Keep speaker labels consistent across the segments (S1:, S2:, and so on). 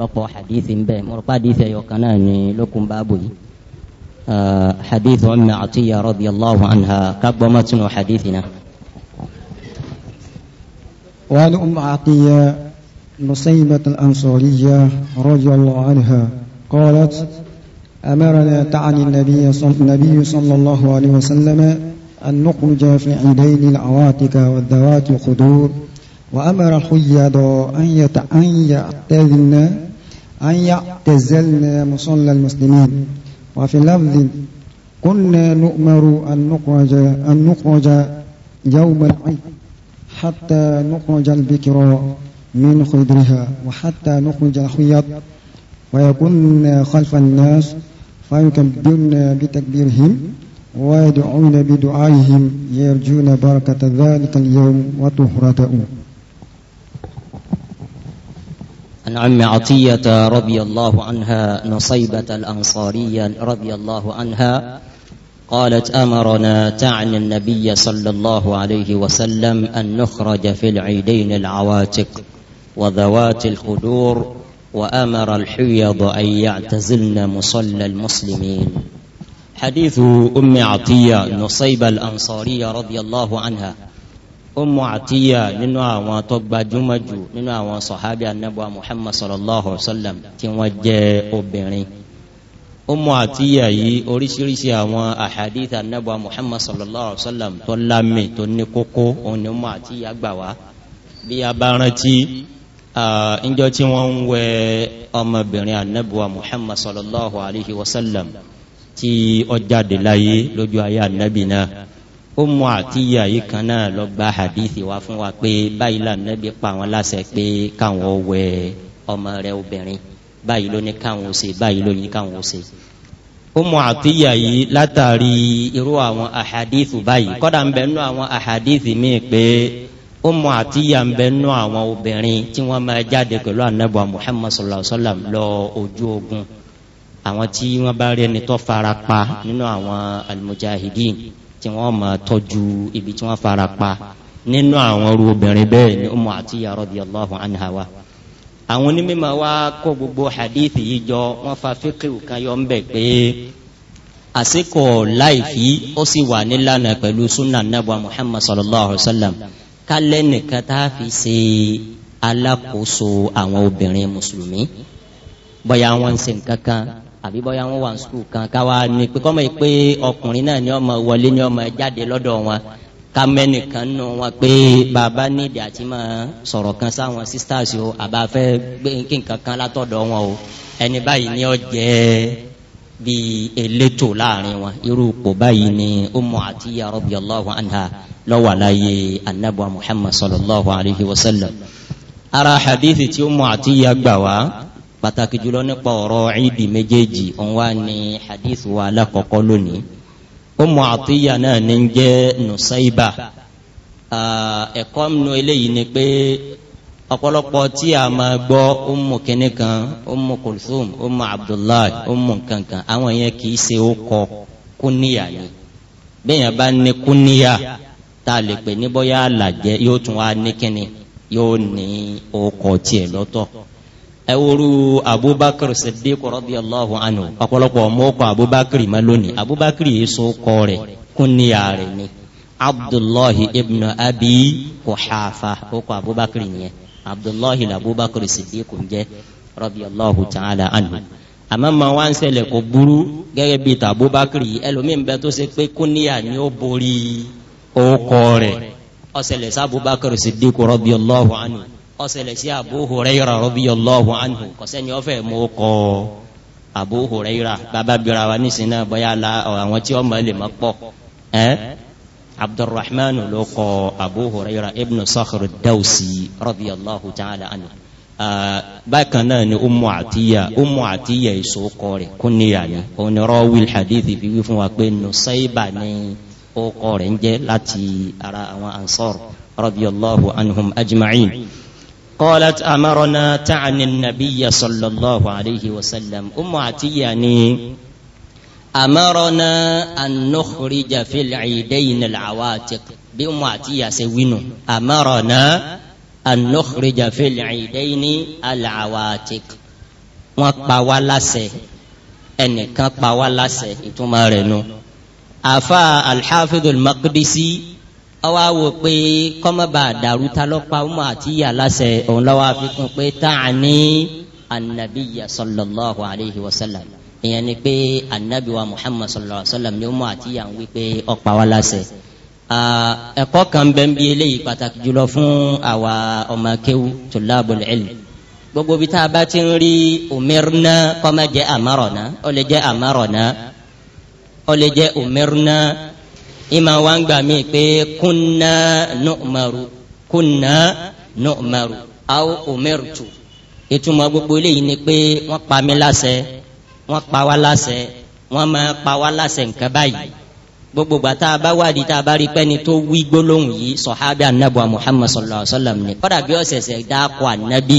S1: lọ́pọ̀ حديث ń bẹ mọ̀rọ̀pá hadithi ẹ̀yọ̀ kan náà ni lókun رضي yìí عنها ah, Ummi Atiyya radiyallahu anha má tún
S2: وعن أم عطية نصيبة الأنصارية رضي الله عنها قالت أمرنا تعني النبي صلى, النبي صلى الله عليه وسلم أن نخرج في عيدين العواتك والذوات الخدور وأمر الحيض أن يتعين أن يعتزلنا مصلى المسلمين وفي لفظ كنا نؤمر أن نخرج أن نخرج يوم العيد حتى نخرج البكر من خدرها وحتى نخرج الخياط ويكون خلف الناس فيكبرنا بتكبيرهم ويدعون بدعائهم يرجون بركة ذلك اليوم وطهرته
S1: عم عطية رضي الله عنها نصيبة الأنصارية رضي الله عنها قالت أمرنا تعني النبي صلى الله عليه وسلم أن نخرج في العيدين العواتق وذوات الخدور وأمر الحيض أن يعتزلن مصلى المسلمين حديث أم عطية نصيب الأنصارية رضي الله عنها Ummu Atiyya nínú àwọn tó gbajúmọ̀ jù nínú àwọn sọ̀hábí anábọ̀ Muhammad sallallahu alayhi wa sallam tí wọ́n jẹ́ obìnrin Ummu Atiyya yìí oríṣiríṣi àwọn ahadith anábọ̀ Muhammad sallallahu alayhi wa sallam tó lámì tó ní kókó òun ni Ummu Atiyya gbà wá bí a bá rántí ǹjọ́ tí wọ́n ń wẹ ọmọbìnrin anábọ̀ Muhammad sallallahu alayhi wa sallam tí ó jáde láyé lójú ayé anábì náà Ummu Atiyya yìí kan náà lọ gba hadithi wa fún wa pé báyìí la Nábì pa àwọn láṣẹ pé káwọn wẹ ọmọ rẹ̀ obìnrin báyìí ló ní káwọn ṣe báyìí ló ní káwọn ṣe. Ummu Atiyya yìí látàrí irú àwọn ahadithu báyìí kọ́dà ń bẹ nú àwọn ahadithi míì pé Ummu Atiyya ń bẹ nú àwọn obìnrin tí wọ́n máa jáde pẹ̀lú Ànábì Muhammad sallallahu alayhi wa sallam lọ ojú ogun àwọn tí wọ́n bá rí ẹni tó fara pa nínú àwọn al tí wọ́n máa tọ́jú ibi tí wọ́n fara pa nínú àwọn ru obìnrin bẹ́ẹ̀ ni Ummu Atiyya radiyallahu anha wa. àwọn onímọ̀ wa kó gbogbo hadith yìí jọ wọ́n fa fíkìrù kan yọ ńbẹ̀ pé àsìkò láìfí ó sì wà nílànà pẹ̀lú sunna nabuwa Muhammad sallallahu alayhi wa sallam kálẹ̀ nìkan tá a fi ṣe alákòóso àwọn obìnrin mùsùlùmí bóyá wọ́n ń ṣe nǹkan kan àbí bọ́yá wọn wà ní sukùl kan káwa ni pé kọ́mọ yìí pé ọkùnrin náà ni ọmọ wọlé ni ọmọ jáde lọ́dọ̀ wọn ká mẹ́nìkan nù wọn pé bàbá nídìí àti máa sọ̀rọ̀ kan sáwọn sisters o àbá fẹ́ gbé kí nǹkan kan látọ̀dọ̀ wọn o ẹni báyìí ni ó bíi elétò láàrin wọn irú ipò báyìí ni Ummu Atiyya radiyallahu anha lọ́wọ́ àlàyé anábọ̀ Muhammad sallallahu alayhi wa sallam ara hadithi tí Ummu Atiyya gbà pàtàkì jùlọ nípa ọ̀rọ̀ ìdí méjèèjì òun ni hadith wa alákọ̀ọ́kọ́ lónìí Ummu Atiyya náà ní jẹ́ Nusayba ẹ̀kọ́ nínú eléyìí ni pé ọ̀pọ̀lọpọ̀ tí a máa gbọ́ Ummu kínní kan Ummu Kulthum Ummu Abdullahi Ummu kankan àwọn yẹn kì í ṣe ó kọ kúníyà ni bẹ́ẹ̀ yẹn bá ní kúníyà tá a lè pè ní bóyá àlàjẹ yóò tún wá ní kínní ẹwúrú abubakar siddiq radiyallahu anhu ọ̀pọ̀lọpọ̀ mọ́kọ̀ abubakar ma lónìí abubakar yìí so kọ́ rẹ̀ kúnníyà rẹ̀ ni abdullahi ibn abi kuhafa ọkọ̀ abubakar nìyẹn abdullahi labubakar siddiq ń jẹ́ radiyallahu ta'ala anhu àmọ́ ma wá ń ṣẹlẹ̀ kó burú gẹ́gẹ́ bíi ta abubakar yìí ẹlòmíín bẹ tó ṣe pé kúnníyà ni ó borí ọkọ̀ rẹ̀ ó ṣẹlẹ̀ sí radiyallahu anhu ọsẹlẹ̀ sí Abu Huraira radiyallahu anhu kọsẹ́ni ọ̀fẹ́ mú kọ Abu Huraira bàbá bíra wa nísìnyí náà bọ́yá la àwọn tí ọmọ lè má pọ̀ ẹ́ Abdurrahman ló kọ Abu Huraira ibn Sakhr ad-Dawsi radiyallahu ta'ala anhu bákan náà ni Ummu Atiyya Ummu Atiyya èso kọ rẹ̀ kúnìyà ni onírọ́wìl hadith fi fún wa pé Nusayba ni ó kọ ń jẹ́ láti ara àwọn ansar radiyallahu anhum ajma'in. قالت أمرنا تعني النبي صلى الله عليه وسلم أم عتياني أمرنا أن نخرج في العيدين العواتق بأم عتيا سوينو أمرنا أن نخرج في العيدين العواتق وقبوالاسي أن كقبوالاسي إتمارنو أفا الحافظ المقدسي àwa wò pé kọ́mọ́bà dàrúta lọ́pàá ọmọ àti ìyá lásẹ̀ òun lọ́wọ́ àfikún pé tá a ní anabiya sallallahu alayhi wa sallam ìyẹn ni pé anabi wa muhammad sallallahu alayhi wa sallam ni ọmọ àti ìyá ń wí pé ọ̀pá wa lásẹ̀ ẹ̀kọ́ kan bẹ́ẹ̀ bí eléyìí pàtàkì jùlọ fún àwa ọmọ kéwú tulabul ilm gbogbo bí tá a bá ti ń rí umirna kọ́mọ́ jẹ́ amarona ó lè jẹ́ ìmọ̀ wa ń gbà mí pé kunna nu'maru kunna nu'maru aw umirtu ìtumọ̀ gbogbo eléyìí ni pé wọ́n pa mí láṣẹ wọ́n pa wá láṣẹ wọ́n máa pa wá láṣẹ nǹkan báyìí gbogbo gba tá a bá wádìí tá a bá rí pẹ́ni tó wí gbólóhùn yìí sọ̀hábí anabu muhammad sallallahu alayhi wa sallam ni kọ́dà bí ọ̀sẹ̀sẹ̀ dákọ̀ anabi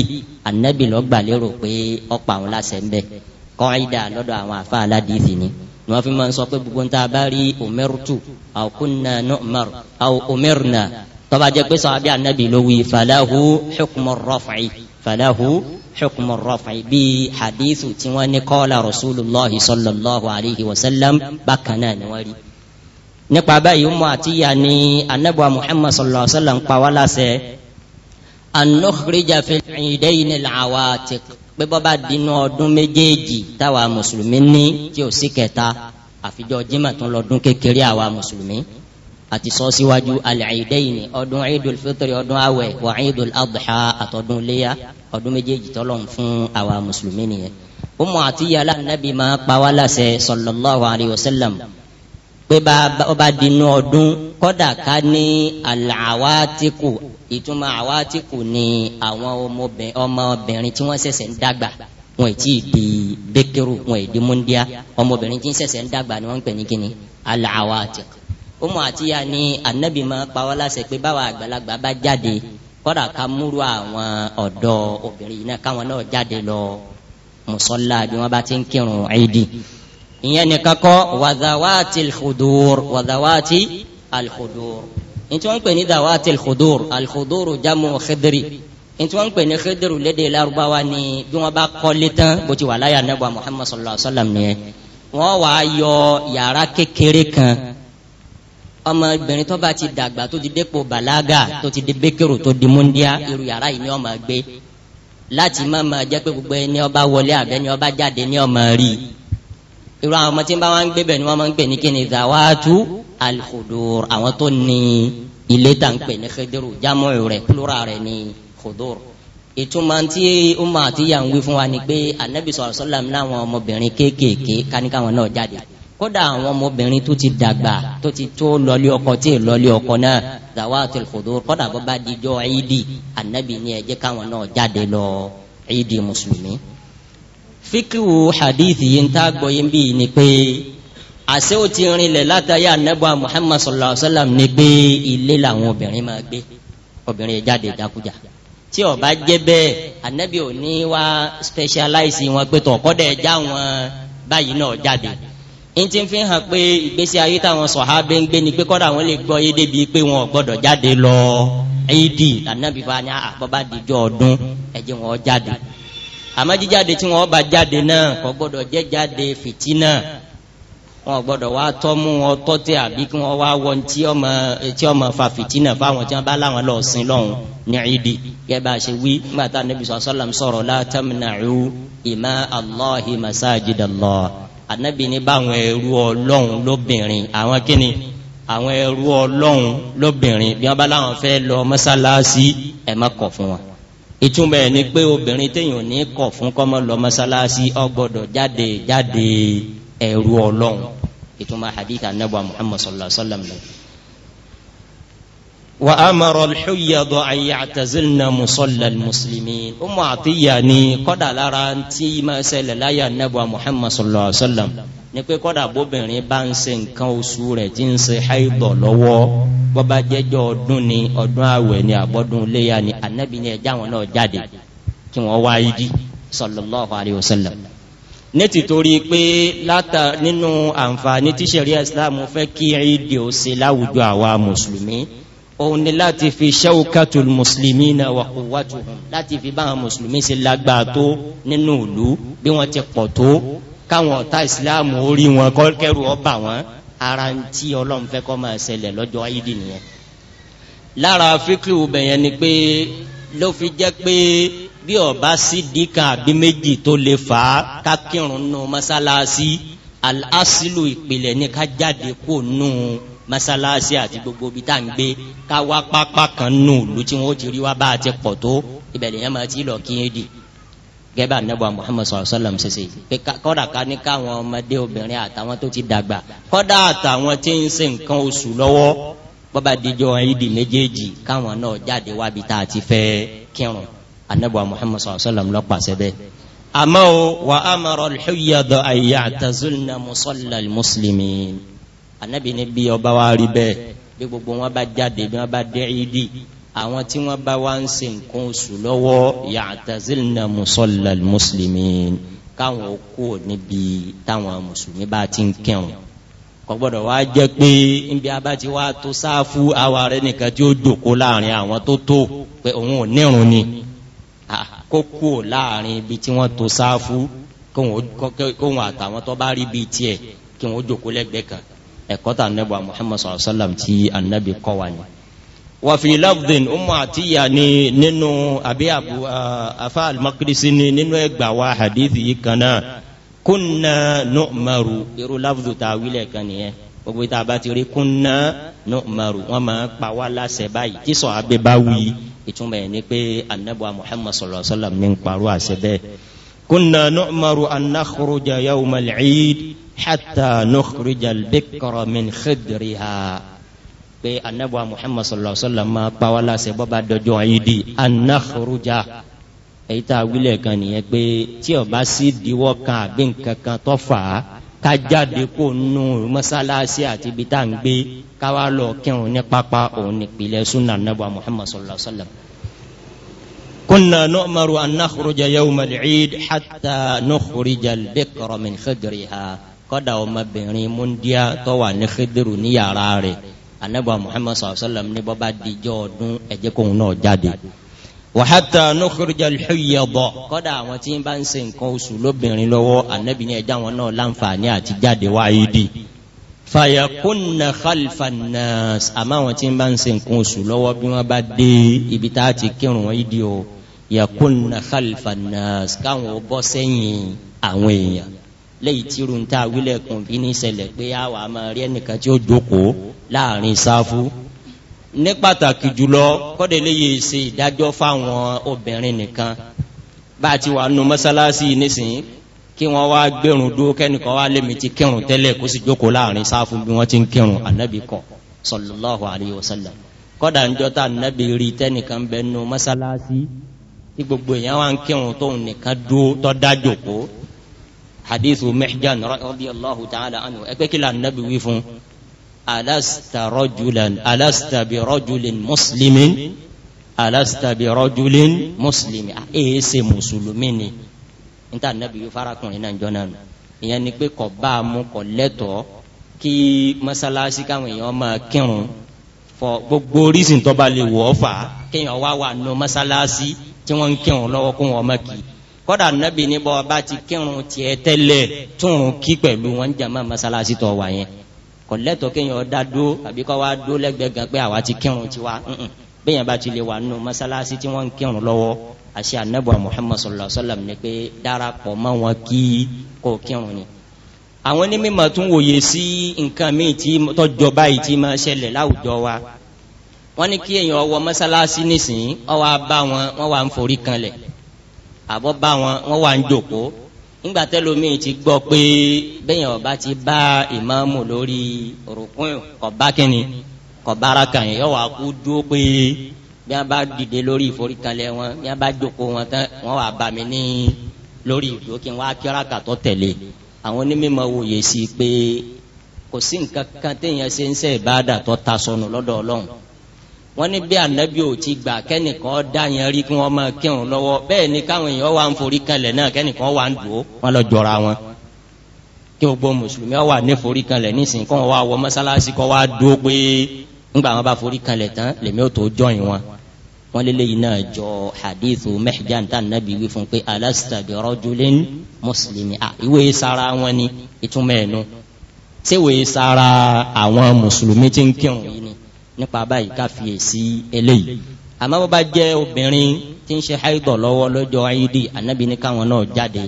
S1: anabi lọ́gbàlérò pé ọ̀pọ̀ àwọn láṣẹ ń bẹ kọ́ ìdá lọ́dọ̀ àwọn àfa aládìí ni ni wọ́n fi máa ń sọ pé gbogbo ń ta bá rí omertu aw kunna nu'mar aw omerna tọ́ba jẹ́ pé sọ́hábí anabi ló wí falahu hukmu raf'i falahu hukmu raf'i bí hadithu tí wọ́n ní kọ́la rasulillahi sallallahu alayhi wa sallam bákan náà ni wọ́n rí nípa báyìí umu àtìyà ni anabuwa muhammad sallallahu alayhi wa sallam pa wá láṣẹ an nukhrija fil pé bọ́ba dínú ọdún méjèèjì táwa mùsùlùmí ní tí ò sí kẹta àfijọ́ jimá tún lọ́dún kékeré àwa mùsùlùmí àti sọ síwájú al-Eidayni ọdún Eidul Fitri ọdún awẹ wa Eidul Adha àtọdún léyà ọdún méjèèjì tọ́lọ̀ ń fún àwa mùsùlùmí nìyẹn. Ummu Atiyya aláǹdàbí máa pa wá láṣẹ sallallahu alayhi wa sallam pé ọba dínú ọdún kọ́dà ká ní àlàáwátìkù ìtumọ̀ àwátìkù ni àwọn ọmọbìnrin tí wọ́n ṣẹ̀ṣẹ̀ ń dàgbà wọn ti di bẹ́kẹ́rù wọn di múndíá ọmọbìnrin tí ń ṣẹ̀ṣẹ̀ ń dàgbà ni wọ́n ń pè ní kíni àlàáwátìkù. ọmọ àtìyá ni anabi máa pa wá láṣẹ pé báwa àgbàlagbà bá jáde kọ́dà ká múrú àwọn ọ̀dọ́ obìnrin yìí náà káwọn náà jáde lọ mùsọ́lá bí wọ́n bá ti ń kírun ẹ̀ẹ́dì ìyẹn nìkan kọ́ wàdàwàtì alhudur wàdàwàtì alhudur ntí wọ́n pè ní dàwàtì alhudur alhudur jamu khidri ntí wọ́n pè ní khidri lédè Lárúbáwá ni bí wọ́n bá kọ́lé tán bó ti wà láyà nebà Muhammad sallallahu alaihi wa sallam nìyẹn wọ́n wà á yọ yàrá kékeré kan ọmọbìnrin tó bá ti dàgbà tó ti dépò bàlágà tó ti di békèrò tó di múndíá irú yàrá yìí ni ó máa gbé láti má máa jẹ́ pé gbogbo ẹni ó wọlé àbẹ́ni ó bá jáde ni ó rí irú àwọn ọmọ tí ń bá wọn gbé bẹ̀ ni wọ́n máa ń pè ní kíni zawatu alhudur àwọn tó ní ilé tá ń pè ní khidru jamu rẹ̀ plural rẹ̀ ní hudur ìtumọ̀ tí umma àti ìyá ń wí fún wa ni pé anabi sallallahu alaihi wasallam láwọn ọmọbìnrin kéékèèké káníkàwọn náà jáde kódà àwọn ọmọbìnrin tó ti dàgbà tó ti tó lọlé ọkọ tí ì lọlé ọkọ náà zawatul hudur kódà bó bá dijọ́ ìdí anabi ni ẹ jẹ́ káwọn náà jáde lọ ìdí mùsùlùmí. Fikiru hadith yìí ń tá a gbọ́ yín ni pe, àṣẹ ò ti rinlẹ̀ látàyà anábọ̀ muhammad sallallahu Alaihi wa sallam ni pé ilé làwọn obìnrin máa gbé obìnrin jáde jákujà tí ó bá jẹ́ bẹ́ẹ̀ anabi ò ní wá specialize wọn pé tọkọ dẹ já wọn báyìí náà jáde n ti fi hàn pé ìgbésí ayé táwọn sọ̀hábé ń gbé ni pé kọ́dà wọn lè gbọ́ yé débi pé wọn ò gbọ́dọ̀ jáde lọ éèdì anabi bá ní àbọ̀bá ah, dìjọ́ ọdún ẹ̀jẹ̀ wọn jáde àmọ́ jíjáde tí wọ́n bá jáde náà kò gbọ́dọ̀ jẹ́ jáde fìtínà wọn gbọ́dọ̀ wá tọ́ mú wọn tọ́tẹ́ àbí kí wọ́n wá wọ tí ọmọ tí ọmọ fa fìtínà fáwọn tí wọ́n bá láwọn lọ sin lọ́hùn ní ìdí gẹ́gẹ́ bá a ṣe wí nígbà tá a nẹ́bí sọ́sọ́làm sọ̀rọ̀ látàmínàrú ìmá aláhi masajidallah anabi ní báwọn ẹrú ọlọ́hun lóbìnrin àwọn kíni àwọn ẹrú ọlọ́hun lóbìnrin bí wọ́n bá láwọn fẹ́ lọ mọ́sálásí ẹ̀ má kọ̀ fún wọn ìtumọ̀ ẹ̀ ni pé obìnrin téèyàn ní kọ̀ fún kọ́mọ lọ mọ́sálásí ó gbọ́dọ̀ jáde jáde ẹ̀rù ọlọ́run ìtumọ̀ hadith anabu muhammad sallallahu alayhi wa sallam lọ. wa amara al-huyyad an ya'tazilna musalla al-muslimin Ummu Atiyya ni kọ́dà lára tí máa ṣẹlẹ̀ láyé anabu muhammad sallallahu alayhi wa sallam ni pé kọ́dà bóbìnrin bá ń ṣe nǹkan oṣù rẹ̀ tí ń ṣe haidọ̀ lọ́wọ́ bọ́bá jẹ́jọ́ ọdún ni ọdún àwẹ̀ ni àbọ́dún léyà ni anabi ni ẹja wọn náà jáde kí wọ́n wá yídí sallallahu alayhi wa sallam. ní tìtorí pé látà nínú àǹfààní tí ṣẹ̀ríà fẹ́ kí ìdí ó ṣe láwùjọ àwa mùsùlùmí òun ni láti fi ṣawkatul muslimina wa quwwatuhum láti fi báwọn mùsùlùmí ṣe lágbàá tó nínú ìlú bí wọ́n ti pọ̀ tó káwọn ọ̀tá islam orí wọn kọ́ kẹ́rù ọ ara ń tí ọlọ́run fẹ́ kọ́ máa ṣẹlẹ̀ lọ́jọ́ ayídì nìyẹn lára fíkìlù bẹ̀yẹn ni pé ló fi jẹ́ pé bí ọba sí dìkan àbí méjì tó lè fà á kákìrún nù mọ́sálásí alásìlù ìpìlẹ̀ ní ká jáde kó nù mọ́sálásí àti gbogbo ibi tá à ń gbé ká wá pápá kan nù lu tí wọ́n ti rí wá bá a ti pọ̀ tó ibẹ̀ lèyàn máa ti lọ kí n dì gẹ́gbà nẹ́bà Muhammad sallallahu alaihi wasallam ṣẹṣẹ pé kọ́dà ká ní káwọn ọmọdé obìnrin àtàwọn tó ti dàgbà kọ́dà àtàwọn tí ń ṣe nǹkan oṣù lọ́wọ́ bọ́ba díjọ ayídì méjèèjì káwọn náà jáde wábi tá a ti fẹ́ kírun anẹ́bà Muhammad sallallahu alaihi wasallam lọ́pàṣẹ bẹ́ẹ̀. àmọ́ o wà á mọ̀rọ̀ al-huyyada an ya'tazilna musalla al-muslimin àwọn tí wọ́n bá wá ń ṣe nǹkan oṣù lọ́wọ́ ya'tazilna musallal muslimin káwọn kú níbi táwọn mùsùlùmí bá ti ń kẹun kò gbọ́dọ̀ wá jẹ́ pé níbi abá ti wá tó sáfù àwa rẹ nìkan tí ó dòkó láàrin àwọn tó tó pé òun ò nírun ni kó kú láàrin ibi tí wọ́n tó sáfù kóhun àtàwọn tó bá rí bíi tiẹ̀ kí wọ́n jòkó lẹ́gbẹ̀ẹ́ kan ẹ̀kọ́ tà nẹ́bọ̀ Muhammad sallallahu alaihi anabi kọ́ wa ni wàfi lafdin umu atiya ni nínú àbí abu afa al-maqdisi ni nínú ẹgbàá wa hadithi yìí kan náà kunna nu'maru irú lafdu ta wílẹ̀ kan nìyẹn gbogbo ìta bá ti rí kunna nu'maru wọn máa pa wá láṣẹ báyìí tí sọ abẹ bá wí ìtumọ̀ ẹ̀ ni pé anabuwa muhammad sallallahu alayhi wa sallam ní nkparọ́ àṣẹ bẹ́ẹ̀ kunna nu'maru an nakhruja yawmal eid hatta nukhrija al-bikra min pé anabuwa muhammad sallallahu alaihi wa sallam máa pa wá láṣẹ bọ́ba dọjọ́ ayidi anahuruja èyí tá a wílẹ̀ kan nìyẹn pé tí o bá sí diwọ́ kan àbí nǹkan kan tó fà á ká jáde kó nu mọ́sálásí àti ibi tá à ń gbé ká wá lọ kírun ní pápá òun nípìnlẹ̀ sunna anabuwa muhammad sallallahu alaihi wa sallam. كنا نؤمر أن نخرج يوم العيد حتى نخرج البقر من خدرها قد أمبرني منديا طوى نخدر نياراري anabi muhammad sallallahu alaihi wa sallam ní bọ́ba dijọ́ ọdún ẹ̀jẹ̀ kóhun náà jáde wàhátà nukurijà lùyẹ bọ kọ́dà àwọn tí ń bá ń ṣe nǹkan oṣù lóbìnrin lọ́wọ́ anabi ní ẹja wọn náà láǹfààní àti jáde wáyé di fàyàkùnà khalfanà àmọ́ àwọn tí ń bá ń ṣe nǹkan oṣù lọ́wọ́ bí wọ́n bá dé ibi tá a ti kírun wọ́n yìí di o yàkùnà khalfanà káwọn ó bọ́ sẹ́yìn àwọn èèyàn lẹ́yìn tí irun wílẹ̀ kùn bí ní ṣẹlẹ̀ pé àmọ́ rí ẹnìkan tí ó jókòó láàrin sáfù ní pàtàkì jùlọ kọ́dẹ̀lẹ́ yìí ṣe ìdájọ́ fáwọn obìnrin nìkan bá a ti wà nù mọ́sálásí nísìnyí kí wọ́n wá gbẹ̀rún dúró kẹ́nìkan wá lèmi ti kírun tẹ́lẹ̀ kó sì jókòó láàrin sáfù bí wọ́n ti ń kírun ànábì kọ́ sallallahu alayhi wa sallam kọ́dà ń jọ́ta ànábì rí tẹ́nìkan bẹ́ẹ̀ nù mọ́sálásí tí gbogbo èèyàn wá ń kírun tóun nìkan dúró tọ́ dá jókòó hadithu mihjan radiyallahu ta'ala anhu ẹgbẹ́ la ànábì wí alasta rajulan alasta bi rajulin muslimin alasta bi rajulin muslimin ee ṣe mùsùlùmí ni níta nàbí yóò fara kùnrin náà jọ náà ìyẹn ni pé kò bá a mú kò lẹ́tọ̀ọ́ kí mọ́sálásí káwọn èèyàn máa kírun fọ gbogbo orísìn tó bá lè wọ̀ ọ́ fà á kéèyàn wá wà nù mọ́sálásí tí wọ́n ń kírun lọ́wọ́ kó wọn máa kì í kódà nàbí níbọ̀ bá ti kírun tiẹ̀ tẹ́lẹ̀ túrun kí pẹ̀lú wọn jàmá mọ́sálásí tó wà yẹn kọ̀lẹ́tọ̀ kéèyàn ọ̀dá dó àbí kọ́ wa dó lẹ́gbẹ̀ẹ́ gan pé àwa ti kírun tiwa bẹ́ẹ̀ bá ti lè wà nínú mọ́sálásí tí wọ́n ń kírun lọ́wọ́ àṣẹ anabu muhammad sallallahu alaihi wa sallam ni pé darapọ̀ mọ́ wọn kí kò kírun ni. àwọn onímọ̀ tún wòye sí nǹkan míì tí tọ́jọ báyìí tí máa ṣẹlẹ̀ láwùjọ wa wọ́n ní kí èèyàn ọwọ́ mọ́sálásí nísìnyí wọ́n wá bá wọn wọ́n wá ń forí kanlẹ̀ àbọ̀ bá wọn wọ́n wá ń jòkó ńgbà tẹlomi ti gbọ́ pé bẹyàn ọba ti bá ìmáàmù lórí rukun kọba kínní kọbara kan yẹn yọ wá kú dúró pé bí wọn bá dìde lórí ìforíkanlẹ̀ wọn bí wọn bá jókòó wọn tán wọn wà bá mi ní lórí ìdúró kí n wá kíra tẹ̀lé àwọn onímọ̀ wòye sí pé kò sí nǹkan kan téèyàn ṣe ń ṣe ìbáàdà tó ta sọnù lọ́dọ̀ Ọlọ́run wọ́n ní bí anabi ò ti gbà kẹ́nìkan dá yẹn rí kí wọ́n máa kírun lọ́wọ́ bẹ́ẹ̀ ni káwọn èèyàn wà ń forí kanlẹ̀ náà kẹ́nìkan wà ń dùn ó wọ́n lọ jọra wọn kí gbogbo mùsùlùmí wà ní forí kanlẹ̀ nísìnyí kọ́ wọn wá wọ mọ́sálásí kọ́ wá dó pé ńgbà wọn bá forí kanlẹ̀ tán lèmi ò tó jọyìn wọn wọn lé léyìn náà jọ hadithu mehjan tá anabi wí fún pé alasta bi rajulin mùsùlùmí à ìwé sara wọn ni ìtumọ̀ ẹ̀nu ṣé ìwé sara àwọn mùsùlùmí ti ń nípa báyìí ká fi èsì eléyìí àmọ́ bó bá jẹ́ obìnrin tí ń ṣe haidọ̀ lọ́wọ́ lọ́jọ́ ayídì ànábì ní káwọn náà jáde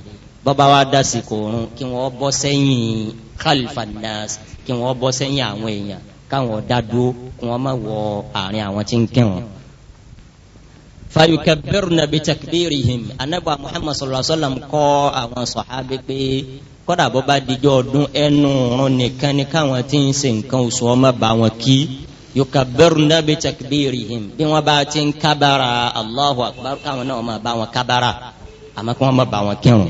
S1: bọ́ba wa dásì kò rún kí wọ́n bọ́ sẹ́yìn khalifanas kí wọ́n bọ́ sẹ́yìn àwọn èèyàn káwọn dádúró kí wọ́n má wọ àárín àwọn tí ń kírun. fayukabbirna bi takbirihim anabi muhammad sallallahu alaihi wa sallam kọ́ àwọn sọ̀hábí pé kọ́dà bọ́ba dijọ́ ọdún ẹnu rún nìkan ni káwọn tí ń ṣe nǹkan oṣù ọmọ bá wọn kí yukabiruna bi takbirihim bí wọn bá ti ń kábàrà allahu akbar káwọn náà máa bá wọn kábàrà àmọ́ kí wọn máa bá wọn kírun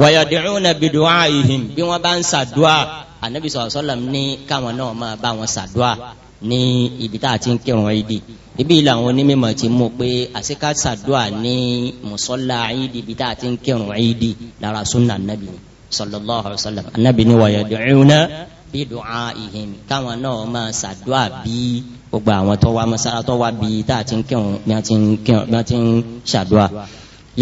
S1: wayad'una bi du'aihim bí wọn bá ń sàdúà anabi sallallahu alaihi wasallam ní káwọn náà máa bá wọn sàdúà ní ibi tá a ti ń kírun ẹ̀dì ibi làwọn onímọ̀ ti mú pé àṣekà sàdúà ní mùsọ́lá ẹ̀dì ibi tá a ti ń kírun ẹ̀dì lára sunna anabi sallallahu alaihi wasallam anabi ni wayad'una bídùn àìhìn káwọn náà máa ṣàdúrà bí gbogbo àwọn tó wá mọ́sára tó wá bí tá a ti ń kírun bí a ti ń ṣàdúrà.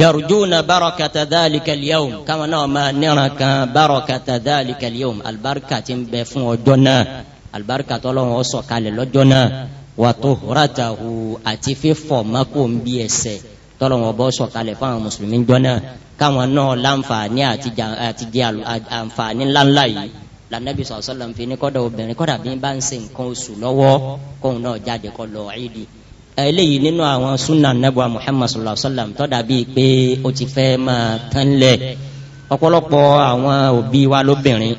S1: yarjuna barakata dhalika al-yawm káwọn náà máa níran kan barakata dhalika al-yawm alibarika ti ń bẹ fún ọjọ́ náà alibarika tọ́lọ́wọ́n sọ̀ kalẹ̀ lọ́jọ́ náà wa tuhratahu àti fífọ̀ mako ń bí ẹsẹ̀ tọ́lọ́wọ́n bọ́ sọ̀ fún àwọn mùsùlùmí jọ náà káwọn náà láǹfààní àti jẹ àǹfààní ńláńlá yìí lànàbí sọ̀sọ́lọ̀ fi ní kọ́dọ̀ obìnrin kọ́dà bí n bá ń ṣe nǹkan oṣù lọ́wọ́ kóun náà jáde kọ́ lọ ẹ̀ẹ́dì eléyìí nínú àwọn sunna anabuwa muhammad sallallahu alaihi wa sallam tọ́da bíi pé ó ti fẹ́ máa tán lẹ̀ ọ̀pọ̀lọpọ̀ àwọn òbí wa lóbìnrin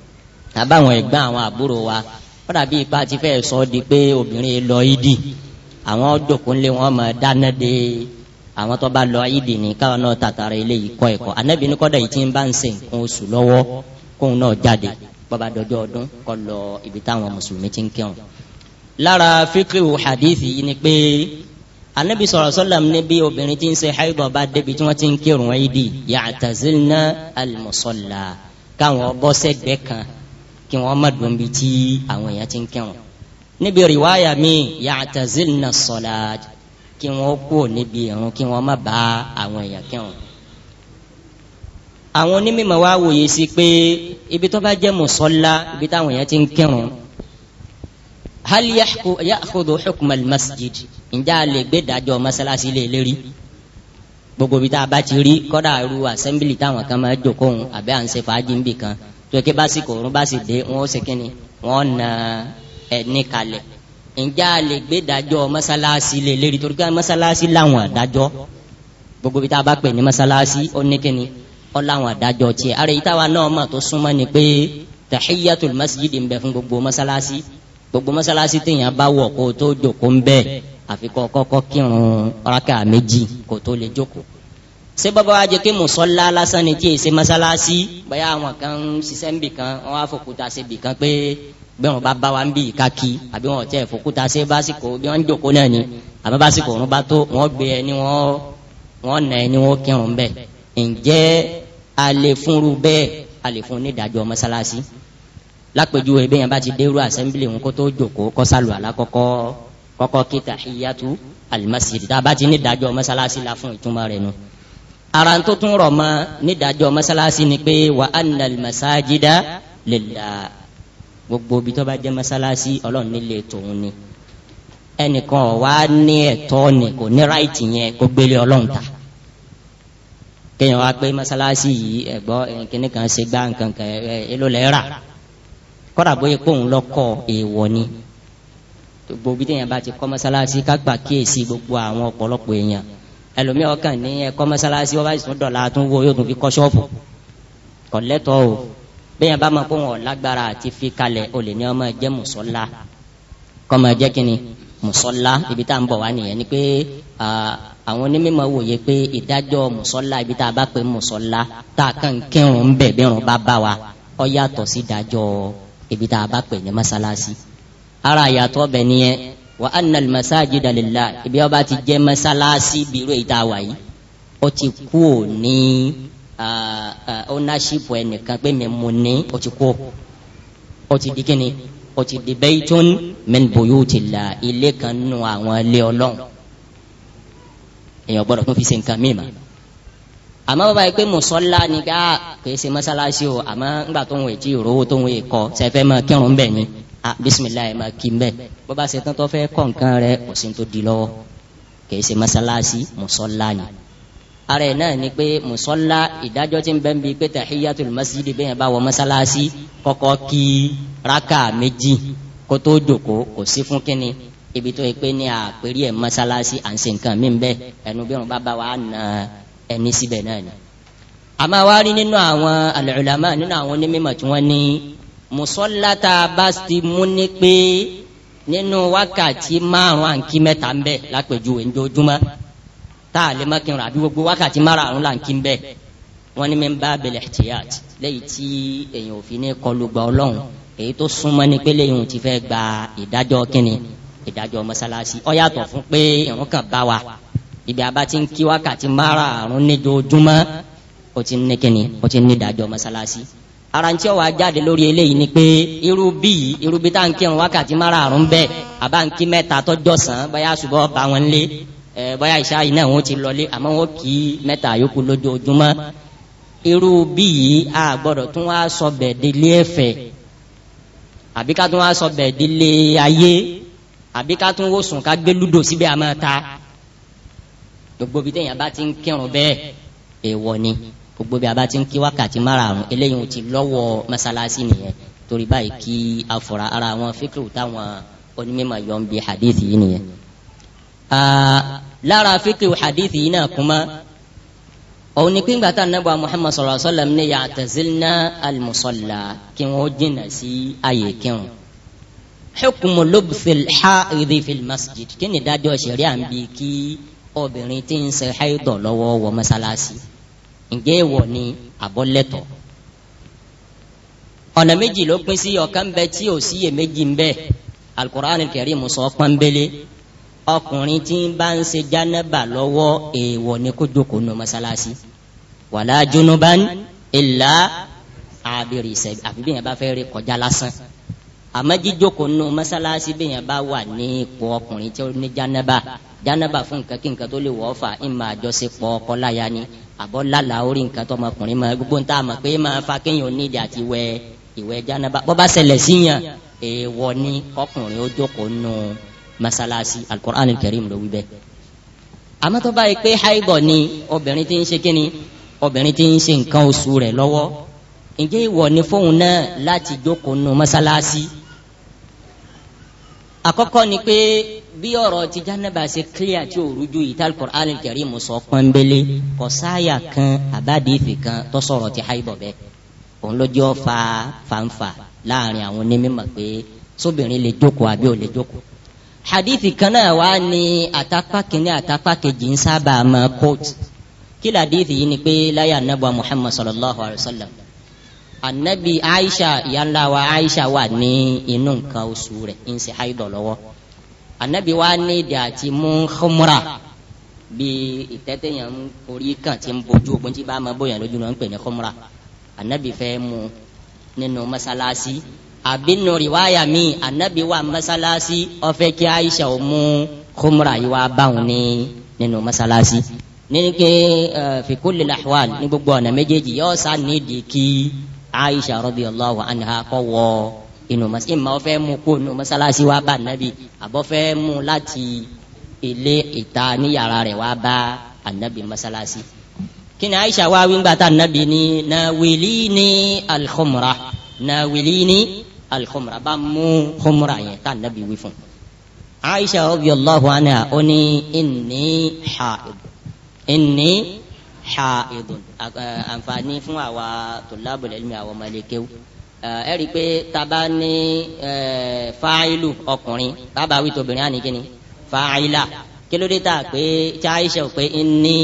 S1: àbáwọn ẹ̀gbọ́n àwọn àbúrò wa kọ́dà bíi ipa ti fẹ́ sọ di pé obìnrin lọ ìdì àwọn ọ̀dọ́kùnlé wọn máa dáná de àwọn tó bá lọ ìdì ní káwọn náà tàtàrà eléyìí kọ́ ẹ̀kọ́ kóun náà jáde bàbá dọjọ́ ọdún kó lọ ibi táwọn mùsùlùmí ti ń kírun. lára fíkìrù hadithi yìí ni pé anabi sọ̀rọ̀ sọ́làm ní bí obìnrin ti ń ṣe haidọ̀ bá débi tí wọ́n ti ń kírun ẹ́ẹ́dì yàtàzílnà àlùmọ̀sọ́là káwọn bọ́ sẹ́gbẹ́ kan kí wọ́n má dùn bí tí àwọn èèyàn ti ń kírun. níbi rìwáyà mi yàtàzílnà sọ̀là kí wọ́n kú níbi ìrun kí wọ́n má bá àwọn èèyàn kírun àwọn onímọ̀ wa wòye sí pé ibi tó bá jẹ́ mùsọ́lá ibi táwọn èèyàn ti ń kírun hali yaxudu xukumal masjid ǹjẹ́ a lè gbé dájọ́ masalasi lè e lérí gbogbo bi tá a bá ti rí kọ́dà ru assembly táwọn kan máa jókòó ń àbẹ́ à ń ṣe fàájì ń bì kan tó bá sì kòrún bá sì dé wọn ó ṣe kínni na ẹni kalẹ̀ ǹjẹ́ a lè gbé dájọ́ masalasi lè e lérí torí ká masalasi láwọn àdájọ́ gbogbo bi tá a bá pè ní masalasi ó ní kínni ọ láwọn àdájọ tiẹ̀ ara yìí táwa náà mà tó súnmọ́ ni pé tahiyatul masjid ń bẹ fún gbogbo mọ́sálásí gbogbo mọ́sálásí téèyàn bá wọ̀ kó tó jòkó ń bẹ́ẹ̀ àfi kọ́ kọ́kọ́ kírun rákà méjì kó tó lè jókòó ṣé bàbá wa jẹ́ kí mùsọ́lá lásán ni tí èsè mọ́sálásí bóyá àwọn kan ń ṣiṣẹ́ ń bì kan wọ́n á fòkúta ṣe bì kan pé bí wọn bá bá wa ń bì kákì àbí wọn tẹ fòkúta ṣe básìkò bí wọn ń náà ni àbí básìkò òun bá tó wọn gbé ẹni wọn wọn nà ẹni wọn kírun bẹ́ẹ̀ ǹjẹ́ àlefunru bẹ́ẹ̀ àlefun onídàájọ́ mọ́sálásí lápèjúwe bẹ́ẹ̀ yẹn bá ti dérú assembly wọn kó tó jókòó kọ́sálù alákọ́kọ́ kọ́kọ́ kí tahiyatu alimasiri tá a bá ti nídàájọ́ mọ́sálásí la fún ìtumọ̀ rẹ̀ nu. ara tó tún rọ̀ mọ́ nídàájọ́ mọ́sálásí ni pé wa anna al-masajida lillah gbogbo bí tó bá jẹ́ mọ́sálásí ọlọ́run nílé tòun ni ẹnìkan ọ̀ wá ní ẹ̀tọ́ ni kò ní ráìtì yẹn kó gbélé ọlọ́run ta kéèyàn wá pé mọ́sálásí yìí ẹ̀gbọ́ kíní kan ṣe gbá nǹkan kan ẹ̀ èlò lẹ́ẹ̀rà kọ́dà bóyá pé òun lọ́kọ̀ èèwọ̀ ni gbogbo bí téèyàn bá ti kọ́ mọ́sálásí kápá kíyèsí gbogbo àwọn ọ̀pọ̀lọpọ̀ èèyàn ẹlòmíràn kàn ní ẹ̀kọ́ mọ́sálásí wọ́n bá sì tún dọ̀la tún wo yóò tún fi kọ́ ṣọ́ọ̀bù kò lẹ́tọ̀ o bẹ́yàn bá mọ̀ pé wọn ò àti fi kalẹ̀ o ní ọmọ jẹ́ mùsọ́lá kọ́ mọ jẹ́ kínni mùsọ́lá ibi tá à ń bọ̀ wá nìyẹn ni pé àwọn onímọ̀ wòye pé ìdájọ́ mùsọ́lá ibi tá a bá pè mùsọ́lá tá a kàn kírun ń bẹ̀ bẹ́rùn bá bá wa ọ yàtọ̀ sí ìdájọ́ ibi tá a bá pè ní mọ́sálásí. ara yàtọ̀ bẹ̀ nìyẹn wa anna al-masajida lillah ibi ọba ti jẹ́ mọ́sálásí bírò ìta wà yìí ó ti kú ò ní ownership ẹnìkan pé mi mú ní ó ti kú ò ó ti di kíni ó ti di baytun min buyutillah ilé kan nù àwọn ilé ọlọ́run èèyàn gbọ́dọ̀ tún fi ṣe nǹkan míì mà àmọ́ bàbá yìí pé mùsọ́lá ni ká ah, kìí ṣe mọ́sálásí o àmọ́ ńgbà tó ń wò tí ìrówó tó ń wò kọ sẹ́fẹ́ máa kírun bẹ́ẹ̀ ni ah, bisimilayi máa kí n bẹ́ẹ̀ bàbá ṣe tán tó fẹ́ kọ́ nǹkan rẹ kò sí tó di lọ́wọ́ kìí ṣe mọ́sálásí mùsọ́lá ni. ara ẹ̀ náà ni pé mùsọ́lá ìdájọ́ ti ń bẹ́ẹ̀ bi pé tahiyatul masjid bẹ́ẹ̀ bá wọ mọ́sálásí kọ́kọ́ kí rákà méjì kó tó kò sí fún kínni ibi tó yẹ pé ní àpérí ẹ̀ mọ́sálásí à ń ṣe nǹkan mí bẹ́ẹ̀ ẹnu bí wọn bá bá wa na ẹni síbẹ̀ náà ni. àmọ́ wá rí nínú àwọn al-ulama nínú àwọn onímọ̀ tí wọ́n ní mùsọ́láta bá ti mú ní pé nínú wákàtí márùn-ún àǹkí mẹ́ta ń bẹ lápèjúwe ńdojúmọ́ tá a lè má kí n rà àbí gbogbo wákàtí márùn-ún là ń kí n bẹ wọ́n ní min babil ihtiyat lẹ́yìn tí èèyàn ò ní kọlu gba ọlọ́run èyí tó súnmọ́ ní pé lẹ́yìn ò ti fẹ́ gba ìdájọ́ kínni ìdájọ́ mọ́sálásí ó yàtọ̀ fún pé ìrun kan bá wa ibi abá ti ń kí wákàtí márààrún níjojúmọ́ ó ti ní kíni ó ti ní ìdájọ́ mọ́sálásí ara ń tí ó wá jáde lórí eléyìí ni pé irú bí irú bí tá à ń kírun wákàtí márààrún bẹ́ẹ̀ àbá ń kí mẹ́ta tọ́jọ́ sàn bóyá àṣùbọ̀ bá wọn lé bóyá ìṣá yìí náà ti lọlé àmọ́ wọ́n kí mẹ́ta yòókù lójoojúmọ́ irú bí a gbọ́dọ̀ tún wá sọ bẹ́ẹ̀ ẹ̀fẹ̀ àbí tún wá sọ bẹ́ẹ̀ ayé àbí ká tún wò sùn ká gbé lúdò síbẹ̀ àmọ́ ta gbogbo bí téèyàn bá ti ń kírun bẹ́ẹ̀ èèwọ̀ ni gbogbo bí a bá ti ń kí wákàtí márààrún eléyìí ti lọ́wọ́ mọ́sálásí nìyẹn torí báyìí kí afọ̀rà ara wọn fíkìrù táwọn onímọ̀ yọ̀ ń bi hadith yìí nìyẹn. lára fíkìrù hadith yìí náà kuma òun ni pínpín àtàwọn anábọ̀ Muhammad sallallahu alaihi wasallam ní ya'tazilna al-musalla kí wọ́n jìnnà sí àyè kírun hukumu lubthil haidhi fil masjid kí ni dájọ́ ṣẹ̀ríà ń bi kí obìnrin tí ń ṣe haidọ̀ lọ́wọ́ wọ mọ́sálásí ǹjẹ́ èèwọ̀ ni àbọ̀lẹ́tọ̀ ọ̀nà méjì ló pín sí ọ̀kan bẹ tí ò sí èméjì ń bẹ alukur'an karim sọ pọ́nbélé ọkùnrin tí ń bá ń ṣe jánaba lọ́wọ́ èèwọ̀ ni kó jókòó nu mọ́sálásí wàlá junuban illa abiri àbí bí yẹn bá fẹ́ rí kọjá lásán àmọ́ jíjókò nù mọ́sálásí bẹ́yẹn bá wà ní ipò ọkùnrin tí ó ní jánábà jánábà fún nǹkan kí nǹkan tó lè wọ́ fà ń máa jọṣepọ̀ ọkọ láya ni àbọ̀ lálàá orí nǹkan tó ọmọkùnrin máa gbogbo nta mọ̀ pé máa fa kéèyàn onídìí àti wẹ ìwẹ̀ jánábà bọ́ bá ṣẹlẹ̀ síyàn èèwọ̀ ni ọkùnrin ó jókò nù mọ́sálásí alukur'an kẹrìm ló wí bẹ́ẹ̀. àmọ́ tó báyìí pé haibọ̀ ni obìnrin ti ń ṣe kíni obìnrin ti ń ṣe nǹkan oṣù rẹ̀ lọ́wọ́ ǹjẹ́ àkọ́kọ́ ni pé bí ọ̀rọ̀ ti jánaba ṣe clear tí o rújú yìí tal Qur'an al-Karim sọ pọ́nbélé kò sáyà kan àbádìífì kan tó ti haibọ̀ bẹ́ẹ̀ òun ló jẹ́ fanfa láàrin àwọn onímọ̀ pé sóbìnrin lè jókòó àbí ò lè jókòó. hadithi kan náà wá ní àtàpá kìíní àtàpá kejì ń sábà máa kóòtù kí làdíìfì yìí ni pé láyà nàbà Muhammad sallallahu alayhi wa sallam anabi aisha ìyànlá wa aisha wà ní inú nǹkan oṣù rẹ̀ ń ṣe haidọ̀ lọ́wọ́ anabi wa ní èdè àti mú xumura bí ìtẹ́tẹ̀yàn orí kan ti ń bojú ogun tí bá ma bóyá lójú náà ń pè xumura anabi fẹ́ mu nínú masalasi àbínú riwaya mi anabi wa masalasi ó fẹ́ kí aisha ó mú xumura yìí wá báwọn ní nínú masalasi nínú ké uh, eh, fi kulli lahwal ní gbogbo ọ̀nà méjèèjì yóò sá aisha radiyallahu anha kọ́ wọ inú mọ́sí ìmọ̀ ọ́ fẹ́ mú kó inú mọ́sálásí wa bá nàbí àbọ̀ fẹ́ mú láti ilé ìta ní yàrá rẹ̀ wá bá ànábì mọ́sálásí. kí ni aisha wá wí ń gbà tá ànábì ní nawilini al-khumra nawilini al-khumra bá mú khumra yẹn tá ànábì wí aisha radiyallahu anha ó inni haid inni haidun eh, àǹfààní fún àwa tulabul ilmi àwa malekewu eh, ẹ rí i pé taba ní eh, fáìlù ọkùnrin bàbá wí tóbìnrin àní kíni fáìlà kí ló dé tá a pé tí aisha ò pé ní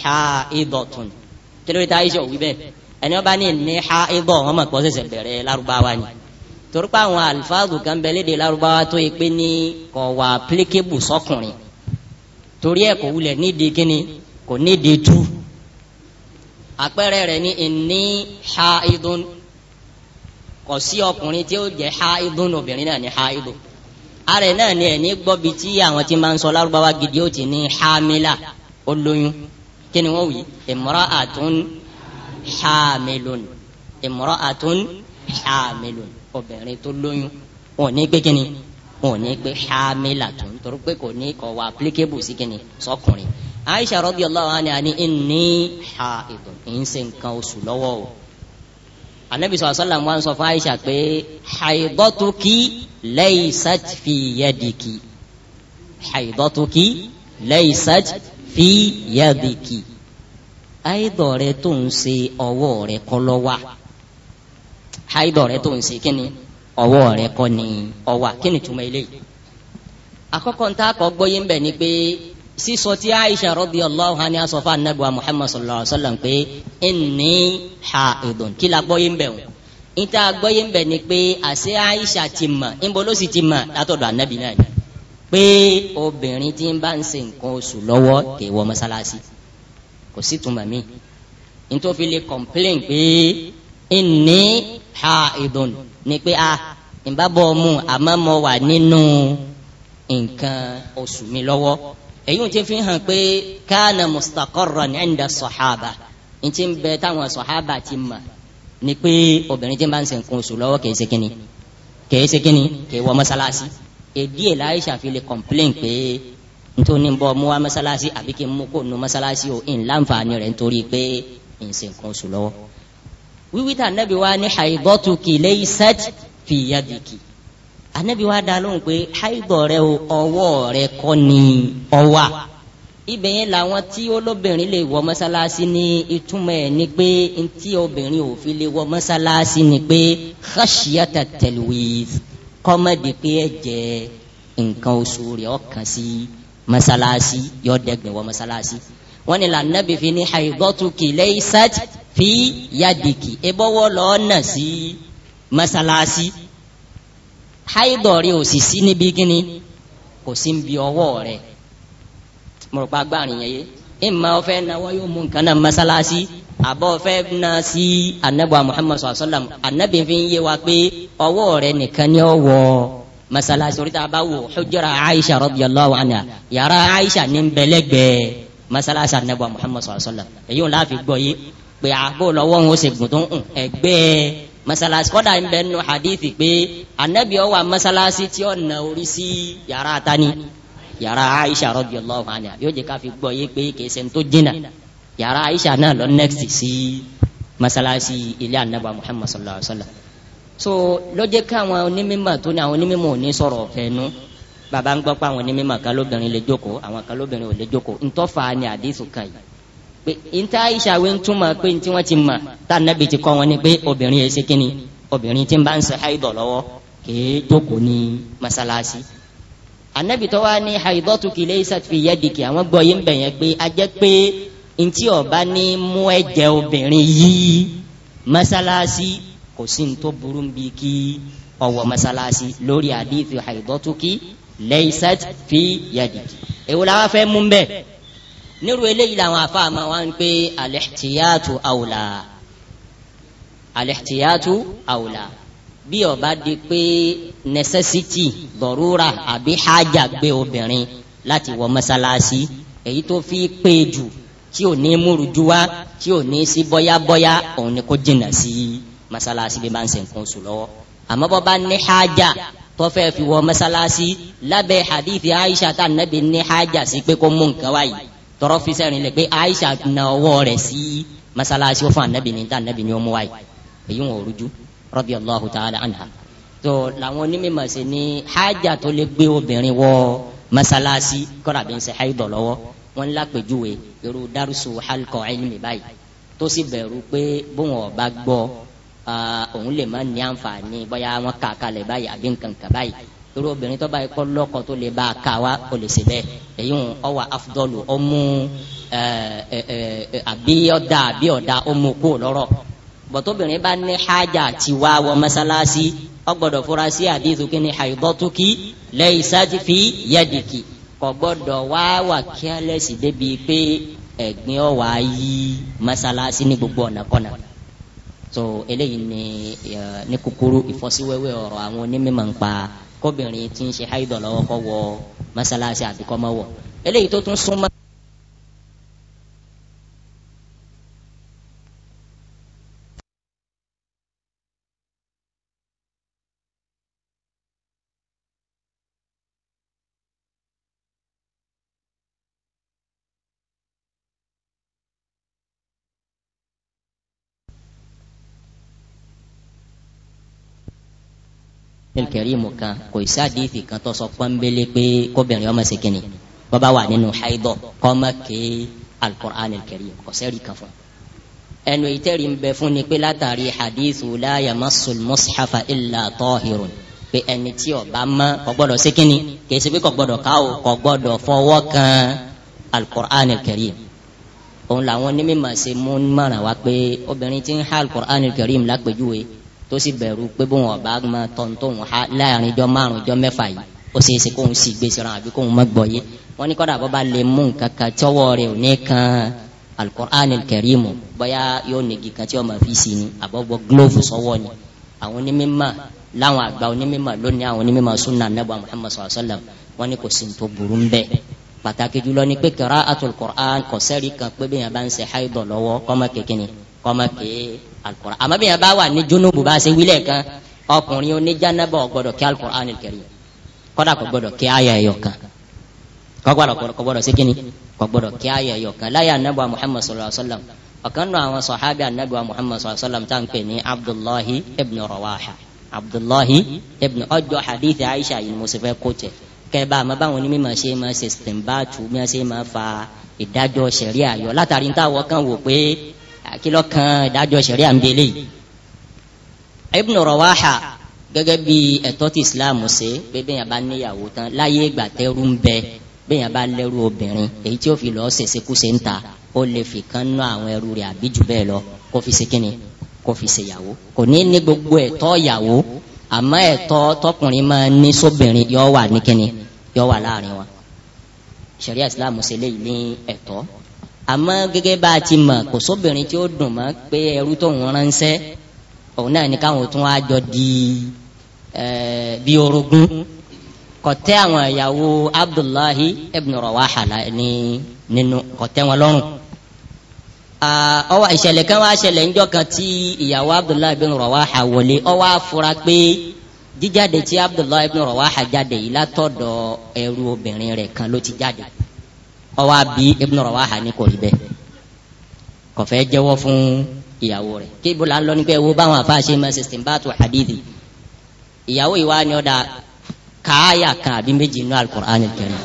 S1: haidotun kí ló dé tá aisha ò wí bẹ́ẹ̀ ẹni wọn bá ní ní haidọ wọn mọ̀ pé wọ́n ṣẹ̀ṣẹ̀ ni torípa àwọn alifáàdù kan bẹ léde lárúbáwá tó yẹ pé ní kò wà applicable torí ẹ kò wulẹ̀ nídìí kíni kò nídìí tú àpẹẹrẹ rẹ̀ ní inni haidun kò sí ọkùnrin tí ó jẹ́ haidun obìnrin náà ní haidun ààrẹ náà ni ẹni gbọ́bi tí àwọn tí máa ń sọ lárúbáwá gidi ó ti ní hamila olóyún kí ni wọ́n wí imra'atun hamilun imra'atun hamilun obìnrin tó lóyún wọn ò ní pé kí wọn ò ní pé hamila tó ń torí pé kò ní kò wá applicable sí kí sọkùnrin. So aisha radiyallahu anha ni inni haidun ń ṣe nǹkan oṣù lọ́wọ́ o anabi sallallahu alaihi wasallam wá ń sọ fún aisha pé haidatuki laysat fi yadiki haidatuki laysat fi yadiki haidọ̀ rẹ tó ń ṣe ọwọ́ rẹ kọ́ ló wà haidọ̀ tó ń ṣe kíni ọwọ́ rẹ kọ́ ni ó wà kíni túmọ̀ eléyìí àkọ́kọ́ ń ni pé sísọ tí aisha radiyallahu anha sọ fún anagba muhammad sallallahu alaihi wa sallam pé inni haidun kí la gbọ́ yín bẹ̀ wọ́n níta gbọ́ yín bẹ̀ ni pé àṣẹ aisha ti mọ̀ níbo ló sì ti mọ̀ látọ̀dọ̀ anabi náà ni pé obìnrin tí ń bá ń ṣe nǹkan oṣù lọ́wọ́ kè wọ mọ́sálásí kò sí túmọ̀ mí nítorí lè complain pé inni haidun ni pé a ah, ìbábọ̀ mu àmọ́ mo wà nínú nǹkan oṣù mi lọ́wọ́ èyí tí fi hàn pé kana mustaqarran inda sọ̀hábà n ti bẹ táwọn sọ̀hábà ti mọ̀ ni pé obìnrin tí ń bá ń ṣe nǹkan oṣù lọ́wọ́ kìí ṣe kínní kìí ṣe kínní kìí wọ mọ́sálásí èdí ẹ̀ láyé ṣàfihàn kọ̀mplain pé nítorí ń bọ́ mú wá mọ́sálásí àbí kí n mú kó nu mọ́sálásí o ń láǹfààní rẹ̀ nítorí pé ń ṣe oṣù lọ́wọ́ wíwítà nẹ́bí wa ní haibọ́tù kì lẹ́yìn sẹ́t fìyàdìkì anabi wa da lóhùn pé haidọ rẹ o ọwọ́ rẹ kọ́ ni ọwa ibẹ̀ yẹn làwọn tí olóbìnrin lè wọ mọ́sálásí ní ìtumọ̀ ẹ̀ ni pé ntí obìnrin ò fi lè wọ mọ́sálásí ni pé khashiyata talwiz kọ́mọ̀dé pé ẹ jẹ́ nǹkan oṣù rẹ̀ ọkàn sí mọ́sálásí yọ dẹ́gbẹ̀ wọ mọ́sálásí wọ́n ní lànàbì fi ní haidọ́tukì laysat fi yadiki ebọ́wọ́ lọ́ọ́ nà sí mọ́sálásí haidọ̀rí ò sì sí níbi kíni kò sí níbi ọwọ́ rẹ̀ mọ̀rọ̀pá gbàrin yẹn yé ìmọ̀ ọ̀fẹ́ náwó yóò mú nǹkan náà mọ́sálásí àbọ̀ ọ̀fẹ́ náà sí anabi muhammad sallam anabi fi ń yé wa pé ọwọ́ rẹ̀ nìkan ni ó wọ mọ́sálásí orí tá bá wò hujra aisha radiyallahu anha yàrá aisha ní bẹ́lẹ́gbẹ́ẹ́ mọ́sálásí anabi muhammad sallam èyí ò láfi gbọ́ yé pé àbò lọ́wọ́ ń ó sì gùn tó masalasi kọ́dà ń bẹ nu hadithi pé anabi ọwà masalasi tí ó na orí sí tani yara aisha radiyallahu anha yóò jẹ ká fi gbọ́ yé pé kèsè ń tó jìnnà yàrá aisha náà lọ next sí masalasi ilé anabi muhammad sallallahu alaihi wa sallam so lọ́jẹ́ káwọn onímọ̀ tó ní àwọn onímọ̀ ò ní sọ̀rọ̀ fẹ́nu baba ń gbọ́ pé àwọn onímọ̀ kan lè jókòó àwọn kan ò lè jókòó ntọ́fà ni àdìsù kan yìí pé níta Aisha wí ń túmọ̀ pé ní tí wọ́n ti mọ̀ tá nàbì ti kọ́ wọn ni pé obìnrin yẹn ṣe kínni obìnrin tí ń bá ń ṣe haidọ̀ lọ́wọ́ kìí jókòó ní masalasi anabi tó wá ní haidọ́tukì laysat fi yadiki àwọn gbọ́ yín bẹ̀yẹn pé a jẹ́ pé ntí ọba ní mú ẹ̀jẹ̀ obìnrin yìí masalasi kò sí ní tó burú bí kí ọwọ́ masalasi lórí àdìsí haidọ́tukì laysat fi yadiki èwo la wá fẹ́ mú bẹ́ẹ̀ nírú eléyìí làwọn afáàmà wa ń pè al-ihtiyatu awla al-ihtiyatu awla bí ó di pé necessity dọ̀rúra àbí hajà gbé obìnrin láti wọ mọ́sálásí èyí tó fi pé jù tí ò ní múrujú wá tí ò ní sí bọ́yábọ́yá òun ni kò jìnnà sí mọ́sálásí bí máa ń ṣe nǹkan oṣù lọ́wọ́ àmọ́ bọ́ bá ní hajà tó fẹ́ fi wọ mọ́sálásí lábẹ́ hadith Aisha tá nàbí ní hajà sí pé kó mú nǹkan wáyìí tọrọ fi sẹ́rin lẹ̀ pé Aisha na ọwọ́ rẹ̀ sí masalasi fún anabi ní ta anabi ní ọmọ wa yìí èyí wọn ò rújú radiyallahu ta'ala anha tó làwọn onímọ̀ sí ni hájà tó lè gbé obìnrin wọ masalasi kọ́ra bí n ṣe haidọ̀ lọ́wọ́ wọn lápèjúwe irú dárúsù halqa ilmi báyìí tó sì bẹ̀rù pé bóun ọba gbọ́ òun lè má ní àǹfààní bóyá wọn kà kalẹ̀ báyìí àbí nǹkan báyìí irú obìnrin tó bá yẹ kọ́ lọ́kọ̀ tó lè bá a kà wá kò lè ṣe bẹ́ẹ̀ èyí ń ọwà afdọ́lù ọmú àbí ọ̀dà àbí ọ̀dà ọmú kú lọ́rọ̀ bọ̀tọ́bìnrin bá ní hájà tí wá wọ mọ́sálásí ó fura sí àdìsù kí ni haidọ́tukí laysat fi yadiki kò gbọ́dọ̀ wá wà kíálẹ̀sì débi pé ẹ̀gbin ọ̀wá yí mọ́sálásí ní gbogbo ọ̀nà so eléyìí ni ní kúkúrú ìfọ́síwẹ́wẹ́ ọ̀rọ̀ àwọn onímọ̀ ń kóbìnrin tí ń ṣe háìdọ̀ lọ́wọ́ kọ́ wọ mọ́sálásí àbí kọ́ eléyìí tó tún súnmọ́ kẹrìmù kan kò ìsáàdìfì kan tó sọ pọ́nbélé pé kóbìnrin ọmọ ṣe kínní bọ́bá wà nínú haidọ̀ kọ́mọ ké alukur'an kẹrìmù kò sẹ́rì kan fún un. ẹnu ìtẹ́rì ń bẹ fún ni pé látàrí hadithu la yamassul mushafa illa tahirun pé ẹni tí ó bá mọ́ kò gbọ́dọ̀ ṣe pé kò gbọ́dọ̀ káwò kò gbọ́dọ̀ fọwọ́ kan alukur'an kẹrìmù òun làwọn onímọ̀ ṣe mú mọ̀ràn wá pé obìnrin ti ń ha alukur'an kẹrìmù lápèjúwe tó sì bẹ̀rù pé bóun ọ̀bá máa tọ̀ntọ̀hún ha láàrin ijọ́ márùn ijọ́ mẹ́fà yìí ó ṣeé ṣe kóun sì gbèsè ràn àbí kóun má gbọ́ yé wọ́n ní kọ́dà bọ́ba lè mú nǹkan kan tọ́wọ́ rẹ̀ ò ní kan alukur'an kẹrìmù bóyá yóò nìgí kan tí wọ́n fi sí ni àbọ̀bọ̀ gílóòfù sọ́wọ́ ni àwọn onímọ̀ láwọn àgbà onímọ̀ lónìí àwọn onímọ̀ sunna anabu muhammad sallallahu alayhi wa sallam wọ́n ní kò sí tó burú ń pàtàkì jùlọ ni pé kẹrà àtúl kur'an kọ̀sẹ́rì kan pé bí yẹn bá ń ṣe háìdọ̀ lọ́wọ́ kọ́mọ kékeré kọ́mọ alukura àmọ́ bí yẹn bá wà ní junubu bá ṣe wílẹ̀ kan ọkùnrin oníjànàbọ̀ gbọ́dọ̀ kí alukura ni kẹrì kọ́dà kò gbọ́dọ̀ kí ayà ẹ̀yọ̀ kan kọ́gbọ́dọ̀ kò gbọ́dọ̀ ṣe kíni kò gbọ́dọ̀ kí ayà ẹ̀yọ̀ kan láyà anabiwa muhammad sallallahu alayhi wa sallam ọ̀kan nù àwọn sọ̀hábì anabiwa muhammad sallallahu alayhi wa sallam tá pè ní abdullahi ibn rawaha abdullahi ibn ọjọ́ hadithi aisha yìí mo sì fẹ́ kó tẹ̀ kẹ́ẹ̀bá àmọ́ báwọn onímọ̀ ṣe máa ṣe sìtìǹbà tù bí ṣe máa fa ìdájọ́ ṣẹ̀ríà yọ látàrí ń táwọn kan wò pé kilo kan ìdájọ́ sẹ̀rí àǹbẹ̀lẹ̀ Ibn Rawaha gẹ́gẹ́ bí ẹ̀tọ́ ti Islam ṣe pé bẹ́ẹ̀ yẹn bá níyàwó tán láyé ìgbà tẹ́rù ń bẹ bẹ́ẹ̀ yẹn bá lẹ́rù obìnrin èyí tí ó fi lọ́ọ́ ṣẹ̀ṣẹ̀ kú ṣe ń ta ó lè fi kan ná àwọn ẹrù rẹ̀ àbí jù bẹ́ẹ̀ lọ kó fi ṣe kínni kó fi ṣe yàwó kò ní ní gbogbo ẹ̀tọ́ yàwó àmọ́ ẹ̀tọ́ tọkùnrin máa ní sóbìnrin yọ wà ní kínni yọ wà láàrin wa ṣẹ̀ríà Islam ṣe léyìí ní ẹ̀tọ́ àmọ́ gẹ́gẹ́ bá a ti mọ̀ kò sóbìnrin tí ó dùn mọ́ pé ẹrú tó ń ránṣẹ́ òun náà ní káwọn tún wá jọ di bí orogún kọtẹ àwọn ìyàwó Abdullahi ibn Rawaha ní nínú kọtẹ wọn lọ́rùn ọwọ ìṣẹ̀lẹ̀ kan wá ṣẹlẹ̀ ńjọ́ kan tí ìyàwó Abdullahi ibn Rawaha wọlé ọwọ afura pé jíjáde tí Abdullahi ibn Rawaha jáde yìí látọ̀dọ̀ ẹrú obìnrin rẹ̀ kan ló ti jáde ọwọ́ àbí Ibn Rawaha ní kò rí bẹ́ẹ̀ kò fẹ́ jẹ́wọ́ fún ìyàwó rẹ̀ kí ibo la ń lọ ní pé wo báwọn afa ṣe máa ṣe sìnbáàtù hadithi ìyàwó ìwà ni ọ̀dà káyà kan àbí méjì nínú alukur'an kẹrin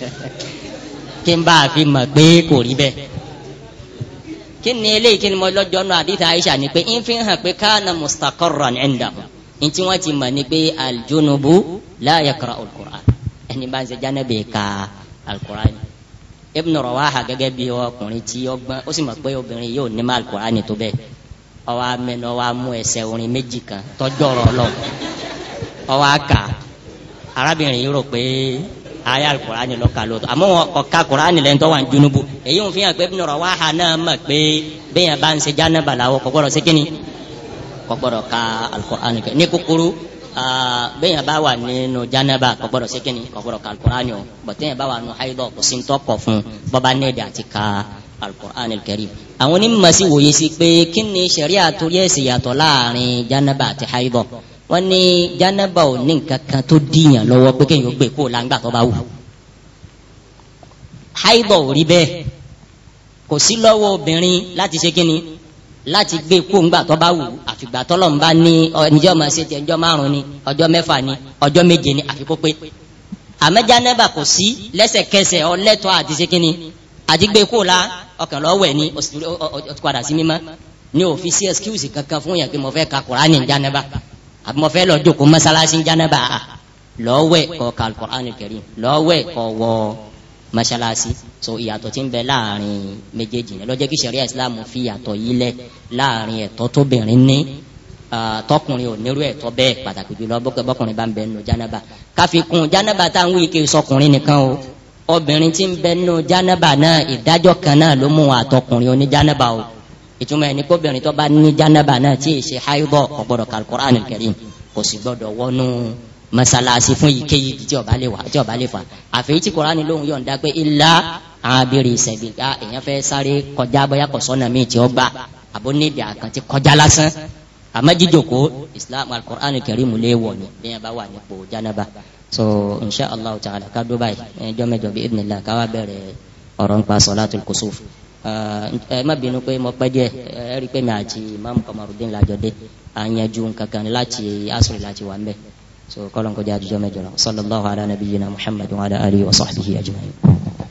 S1: kí n bá a fi mọ̀ pé kò rí bẹ́ẹ̀ kí ni eléyìí kí ni mo lọ́jọ́ nù àdìsá Aisha ni pé ń fi hàn pé kana mustaqarran indahum ntí wọ́n ti mọ̀ ni pé aljunubu la alukur'an ẹni bá ń ṣe jánẹ́bì ká alukurani Ibn Rawaha gẹ́gẹ́ bí ọkùnrin tí ọgbọ́n ó sì mọ̀ pé obìnrin yóò ní ma alukurani tó bẹ́ẹ̀ ọwọ́ amẹ́nu ọwọ́ amú ẹsẹ̀ orin méjì kan tọ́jọ́rọ̀ lọ ọwọ́ aka arábìnrin yìí rò pé ayé alukurani lọ́ka lóòótọ́ àmọ́ ọ̀ka kurani lẹ́ńtọ́ wà ń junubu èyí ń fi hàn pé Ibn Rawaha náà mọ̀ pé bẹ́ẹ̀ yẹn bá ń ṣe jáná bàlá wọ kọ́kọ́rọ́ sékìnnì kọ́kọ́rọ́ ka alukurani kẹ́ ní kúkúrú Ah, bẹ́ẹ̀yàn bá wà nínú janaba kò gbọ́dọ̀ sẹ́kìnì kò gbọ́dọ̀ ka alukur'ani o bọ̀tẹ́yàn bá wà nínú haidọ̀ kò sí ntọ́ kọ̀ fún bọ́ba nẹ́ẹ̀dì àti ka alukur'ani karim. àwọn onímọ̀ sí wòye sí pé kí ni sẹ̀ríà torí ẹ̀sìn yàtọ̀ láàrin janaba àti haidọ̀ wọ́n ní janaba ò ní nǹkan kan tó dìyàn lọ́wọ́ pé kéèyàn gbé kó o la ńgbà tó bá wù. haidọ̀ ò rí bẹ́ẹ̀ kò sí lọ́wọ́ obìnrin láti ṣe láti gbé kó ńgbà tó bá wù àfìgbà tó lọ́nba ní ọjọ́ máa ṣe tiẹ̀ ọjọ́ márùn ni ọjọ́ mẹ́fà ni ọjọ́ méje ni àfikó pé àmẹ́já nẹ́bà kò sí lẹ́sẹ̀kẹsẹ̀ ọlẹ́tọ̀ àti ṣe kínni àti gbé kó la ọkàn lọ́wẹ̀ ni ọ̀túpadà sí mímọ́ ni ò fi sí excuse kankan fún yẹn pé mo fẹ́ ka Kùránì ń jánẹ́bà àbí mo fẹ́ lọ jókòó mọ́sálásí ń jánẹ́bà lọ́wẹ̀ kọ̀ ka Kùránì Kẹrim lọ́wẹ̀ kọ̀ wọ mọ́sálásí so ìyàtọ̀ tí ń bẹ láàrin méjèèjì yẹn ló jẹ́ kí sẹ̀ríà islam fi ìyàtọ̀ yìí lẹ̀ láàrin ẹ̀tọ́ tóbìnrin ní tọkùnrin ò nírú ẹ̀tọ́ bẹ́ẹ̀ pàtàkì jùlọ bọ́kùnrin bá ń bẹ nù jánábà káfíkún jánábà táwọn ike sọkùnrin nìkan o obìnrin tí ń bẹ nù jánábà náà ìdájọ́ kan náà ló mú àtọkùnrin oní jánábà o ìtumọ̀ ẹni kóbìnrin tó bá ní jánábà náà tí ì ṣe háyúbọ̀ quran al-Karim kò sì gbọdọ̀ wọnú masalasi fún ìkéyìí tí tí ó lè fà àfẹ́yìí tí Qur'an lóhùn yọ̀ǹda pé illa abiri sẹbi a èèyàn fẹ́ sáré kọjá bóyá kọsọnà mi tí ó gbà àbó nídìí àkàntì kọjá lásán àmọ́ jíjòkó islam alukur'an kẹrìmù lè wọ ni bẹ́ẹ̀ bá wà nípò jánaba so insha allah ta'ala ká dó báyìí ẹjọ́ mẹ́jọ bí ibn allah ká wá bẹ̀rẹ̀ ọ̀rọ̀ nípa salatul kusuf ẹ má bínú pé mo pẹ́ díẹ̀ ẹ rí i pé mi àti imam kamarudin lajọ dé àyànjú kankan láti asri láti wà mbẹ so kọ́lọ́n kọjá àjùjọ́ mẹ́jọ lọ sallallahu ala nabiyyina muhammadu wa ala alihi wa sahbihi ajma'in.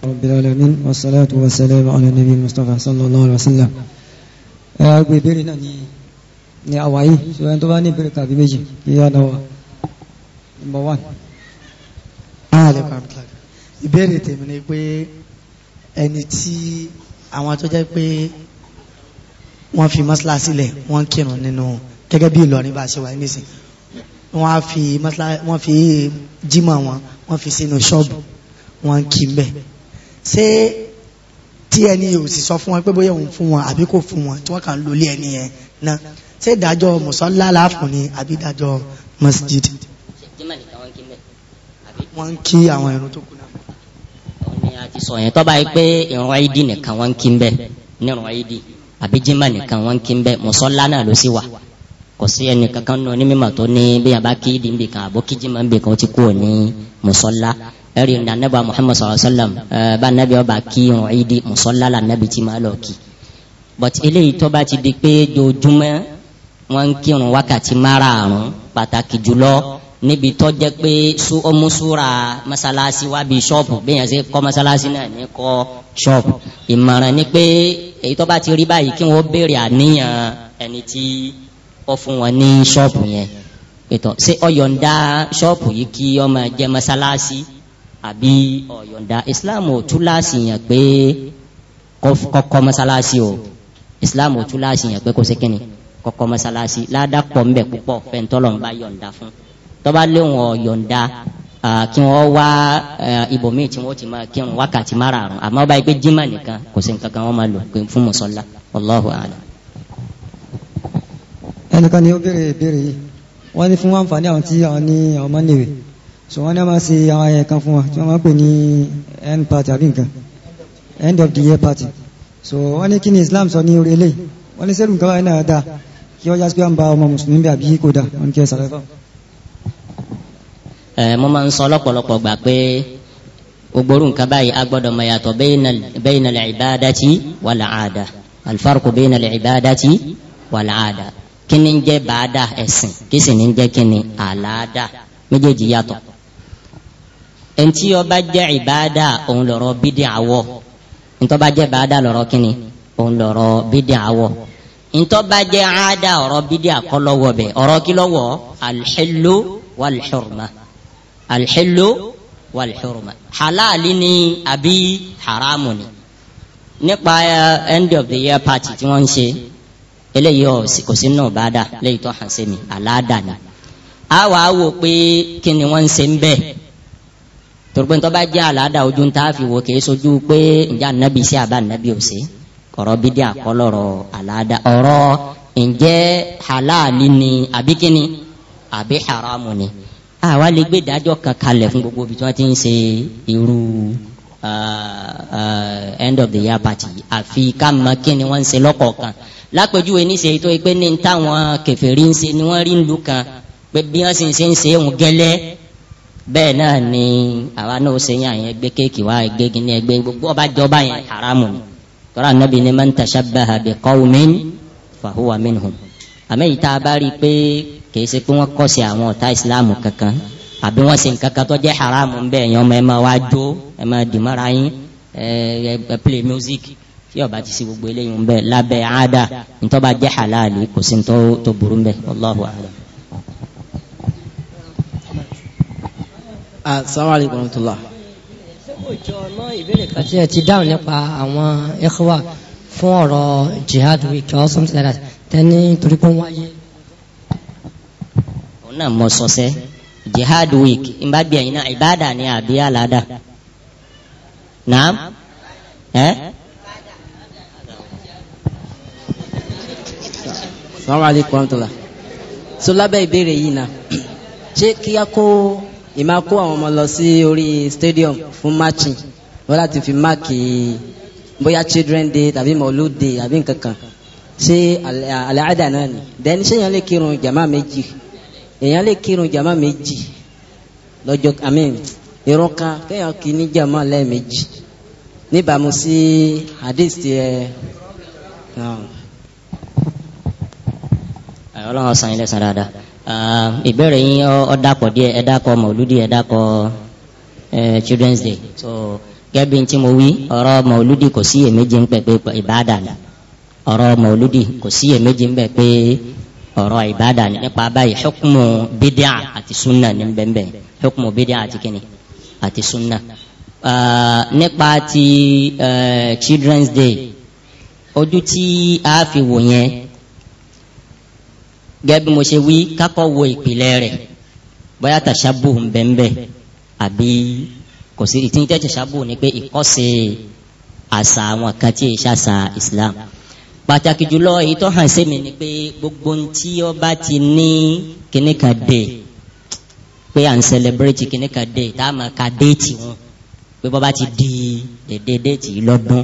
S2: رب العالمين والصلاة والسلام على النبي المصطفى صلى الله عليه وسلم agbe ìbéèrè náà ni ni àwa yìí so ẹni tó bá ní ìbéèrè kàbí méjì kí á náà wà number one. ààlẹ́ pàtàkì ìbéèrè tèmi ni pé ẹni tí àwọn tó jẹ́ pé wọ́n fi mọ́sálà sílẹ̀ wọ́n kírun nínú gẹ́gẹ́ bí Ìlọrin bá ṣe wà nísìn wọ́n á fi mọ́sálà wọ́n fi jímọ̀ wọn wọ́n fi sínú ṣọ́ọ̀bù wọ́n kí ń bẹ́ẹ̀ ṣé
S3: tí ẹni yìí ò sì sọ fún wọn pé bóyá òun fún wọn àbí kò fún wọn tí wọ́n kàn lólé ẹni yẹn náà ṣé ìdájọ́ mùsọ́lá láàfún ni àbí ìdájọ́ masjid.
S1: wọ́n kí àwọn irun tó kù náà.
S3: ọ̀nì àti sọ yẹn tó bá yẹ pé ìrun
S1: ayídì nìkan wọ́n ń kí bẹ́ẹ̀ nírun ayídì àbí jimá nìkan wọ́n ń kí bẹ́ẹ̀ mùsọ́lá náà ló sì wà kò sí ẹni kankan nù ní mímọ̀ tó ní bí a bá kí ìdí nbìkan àbó kí jimá nbìkan ó ti kú òní mùsọ́lá ẹ̀rí ní anábà Muhammad sallallahu alayhi wa sallam eh, bá anábì ọba kí irun ìdí mùsọ́lá la anábì tí máa lọ kí but eléyìí tó bá ti di pé dojúmọ́ wọ́n ń kírun wákàtí márààrún pàtàkì jùlọ níbi tó jẹ́ pé ọmúsúra masalasi wa bíi ṣọ́ọ̀bù bẹ́ẹ̀ ṣe kọ́ masalasi náà ní kọ́ ṣọ́ọ̀bù ìmọ̀ràn ni pé èyí tó bá ti rí báyìí kí wọ́n béèrè àníyàn ẹni tí ó fún wọn ní ṣọ́ọ̀bù yẹn ètò ṣé ó yọ̀ǹda ṣọ́ọ̀bù yìí kí ó máa jẹ́ masalasi àbí ọ̀yọ̀ǹda islam ò túláàsì yẹn pé kọ́kọ́ mọ́sálásí o islam ò túláàsì yẹn pé kó ṣe kínni kọ́kọ́ mọ́sálásí ládàpọ̀ ńbẹ púpọ̀ fẹ́ntọ́lọ̀ ń bá yọ̀ǹda fún tọ́ba léwọn ọ̀yọ̀ǹda kí wọ́n wá ibòmíì tí wọ́n ti máa kírun wákàtí márààrún àmọ́ báyìí pé jimá nìkan kò sí nǹkan kan wọ́n máa lò pé fún mùsọ́lá Allahu a'lam.
S2: ẹnìkan ni ó béèrè ìbéèrè yìí wọ́n ní fún àǹfààní àwọn tí àwọn ní àwọn mọ́nìwèé so wọ́n ní wọ́n máa ṣe àwọn ayẹyẹ kan fún wa tí wọ́n máa pè ní end party àbí nǹkan end of the year party so wọ́n ní kí ni Islam sọ ní orí eléyìí wọ́n ní sẹ́rù nǹkan báyìí náà dáa kí wọ́n jásí pé wọ́n ba ọmọ mùsùlùmí bí àbí kò dáa wọ́n ní kí ẹ sàlẹ̀ fún.
S1: ẹ mo máa ń sọ lọ́pọ̀lọpọ̀ gbà pé gbogbo nǹkan báyìí a gbọ́dọ̀ mọ̀ yàtọ̀ bayna al-ibadati wal aada al-farqu bayna al-ibadati wal aada kí ni ń jẹ́ bàádà ẹ̀sìn kí sì ni ń jẹ́ kí ni àlàádà méjèèjì yàtọ̀ ẹnití ọba jẹ ìbáadà òun lọ̀rọ̀ bídì àwọ ntọba jẹ ìbáadà lọ̀rọ̀ kínní òun lọ̀rọ̀ bídì àwọ ntọba jẹ àádà ọ̀rọ̀ bídì àkọlọwọ bẹ ọ̀rọ̀ kílọwọ alḥilu walḥurma alḥilu walḥurma halali ni àbí haramu ni nípa eh, end of the year party tí wọn ń ṣe eléyìí kò sí náà bá léyìí tó hàn sí mi àlàáda ni a wò pé kí ni wọn ń ṣe ń bẹ́ẹ̀ torípé ntọ́ bá alada àlàáda ojú ń tààfi wò kìí sojú pé ǹjẹ́ ànábì sí àbá ànábì ò sí kọ̀rọ̀ bídí àkọlọ̀rọ̀ àlàáda ọ̀rọ̀ ǹjẹ́ halali ni àbí kíni àbí haramu ni àwa lè gbé dájọ́ kan kalẹ̀ fún gbogbo ibi tí wọ́n ti ń ṣe irú end of the year party àfi ká mọ kíni wọ́n ń ṣe lọ́kọ̀ọ̀kan lápèjúwe se tó yẹ pé ní táwọn kèfèrí ń ṣe ni wọ́n rí ń lu kan pé bí wọ́n sì ń ṣe ń ṣe òun gẹ́lẹ́ bẹ́ẹ̀ náà ni àwa náà ó sẹ́yìn àyẹn gbé kéèkì wá gbé gíní ẹgbẹ́ gbogbo ọba jọba yẹn haramu ni tọ́ra nàbí ni man tashabbaha bi qawmin fahuwa minhum àmọ́ yìí tá a bá rí i pé kì í ṣe pé wọ́n kọ̀sí àwọn ọ̀tá ìsìláàmù kankan àbí wọ́n ṣe nǹkan kan tó jẹ́ haramu bẹ́ẹ̀ yẹn ọmọ ẹ máa wá jó ẹ máa dì mọ́ra yín ẹ ẹ play music tí ọba ti ṣe gbogbo eléyìí ń bẹ lábẹ́ àádá ntọ́ba jẹ́ halali kò sí ntọ́ tó burú ń bẹ wallahu a'lam.
S2: Ah, assalamu alaikum warahmatullahi. ṣé kò
S1: jọ ọmọ ìbéèrè
S2: kan tí ẹ ti dáhùn nípa àwọn ikhwa fún ọ̀rọ̀ jihad week or something like that tẹ́ni torí pé ń wáyé.
S1: òun náà mọ sọsẹ́ jihad week n bá bí ẹ̀yin náà ìbáàdà ni àbí àlàdà. naam ẹ́. assalamu alaikum warahmatullahi. so lábẹ́ ìbéèrè yìí náà ṣé kí a kó ìmá kó àwọn ọmọ lọ sí orí stadium fún matching wọn láti fi máàkì bóyá children day tàbí mọlúù day àbí nǹkan kan ṣé àlàáda náà ni then ṣé èèyàn lè kírun jàmá méjì èèyàn lè kírun jàmá méjì lọ́jọ́ àmín irun kan kéèyàn kì í ní jàmá lẹ́ẹ̀mejì níbàámu sí
S2: hadith ti ẹ
S1: ọlọ́run ọ̀sán ilé san dáadáa. ìbéèrè yín ọ dàpọ̀ díẹ̀ ẹ dàpọ̀ mọ̀lúdì ẹ children's day so tí mo wí ọ̀rọ̀ mọ̀lúdì kò sí èméjì ń pẹ̀ pé ìbáàdà ni ọ̀rọ̀ kò sí èméjì ń pẹ̀ pé ọ̀rọ̀ ìbáàdà ni nípa báyìí bídíà àti sunna ní bẹ́ẹ̀ àti sunna nípa ti children's day ojú tí a fi gẹ́gẹ́ mo ṣe wí kákọ́ wo ìpìlẹ̀ rẹ̀ bóyá tàṣàbù ń bẹ̀ ń bẹ̀ àbí kò sí ìtí tẹ́ tàṣàbù ni pé ìkọ́sí àṣà àwọn kan tí èyí ṣàṣà Islam pàtàkì jùlọ èyí tó hàn sí mi ni pé gbogbo ohun tí ó bá ti ní kíní kan dé pé à ń celebrate kíní kan dé tá a máa ka déètì wọn pé bọ́ bá ti di dédé déètì lọ́dún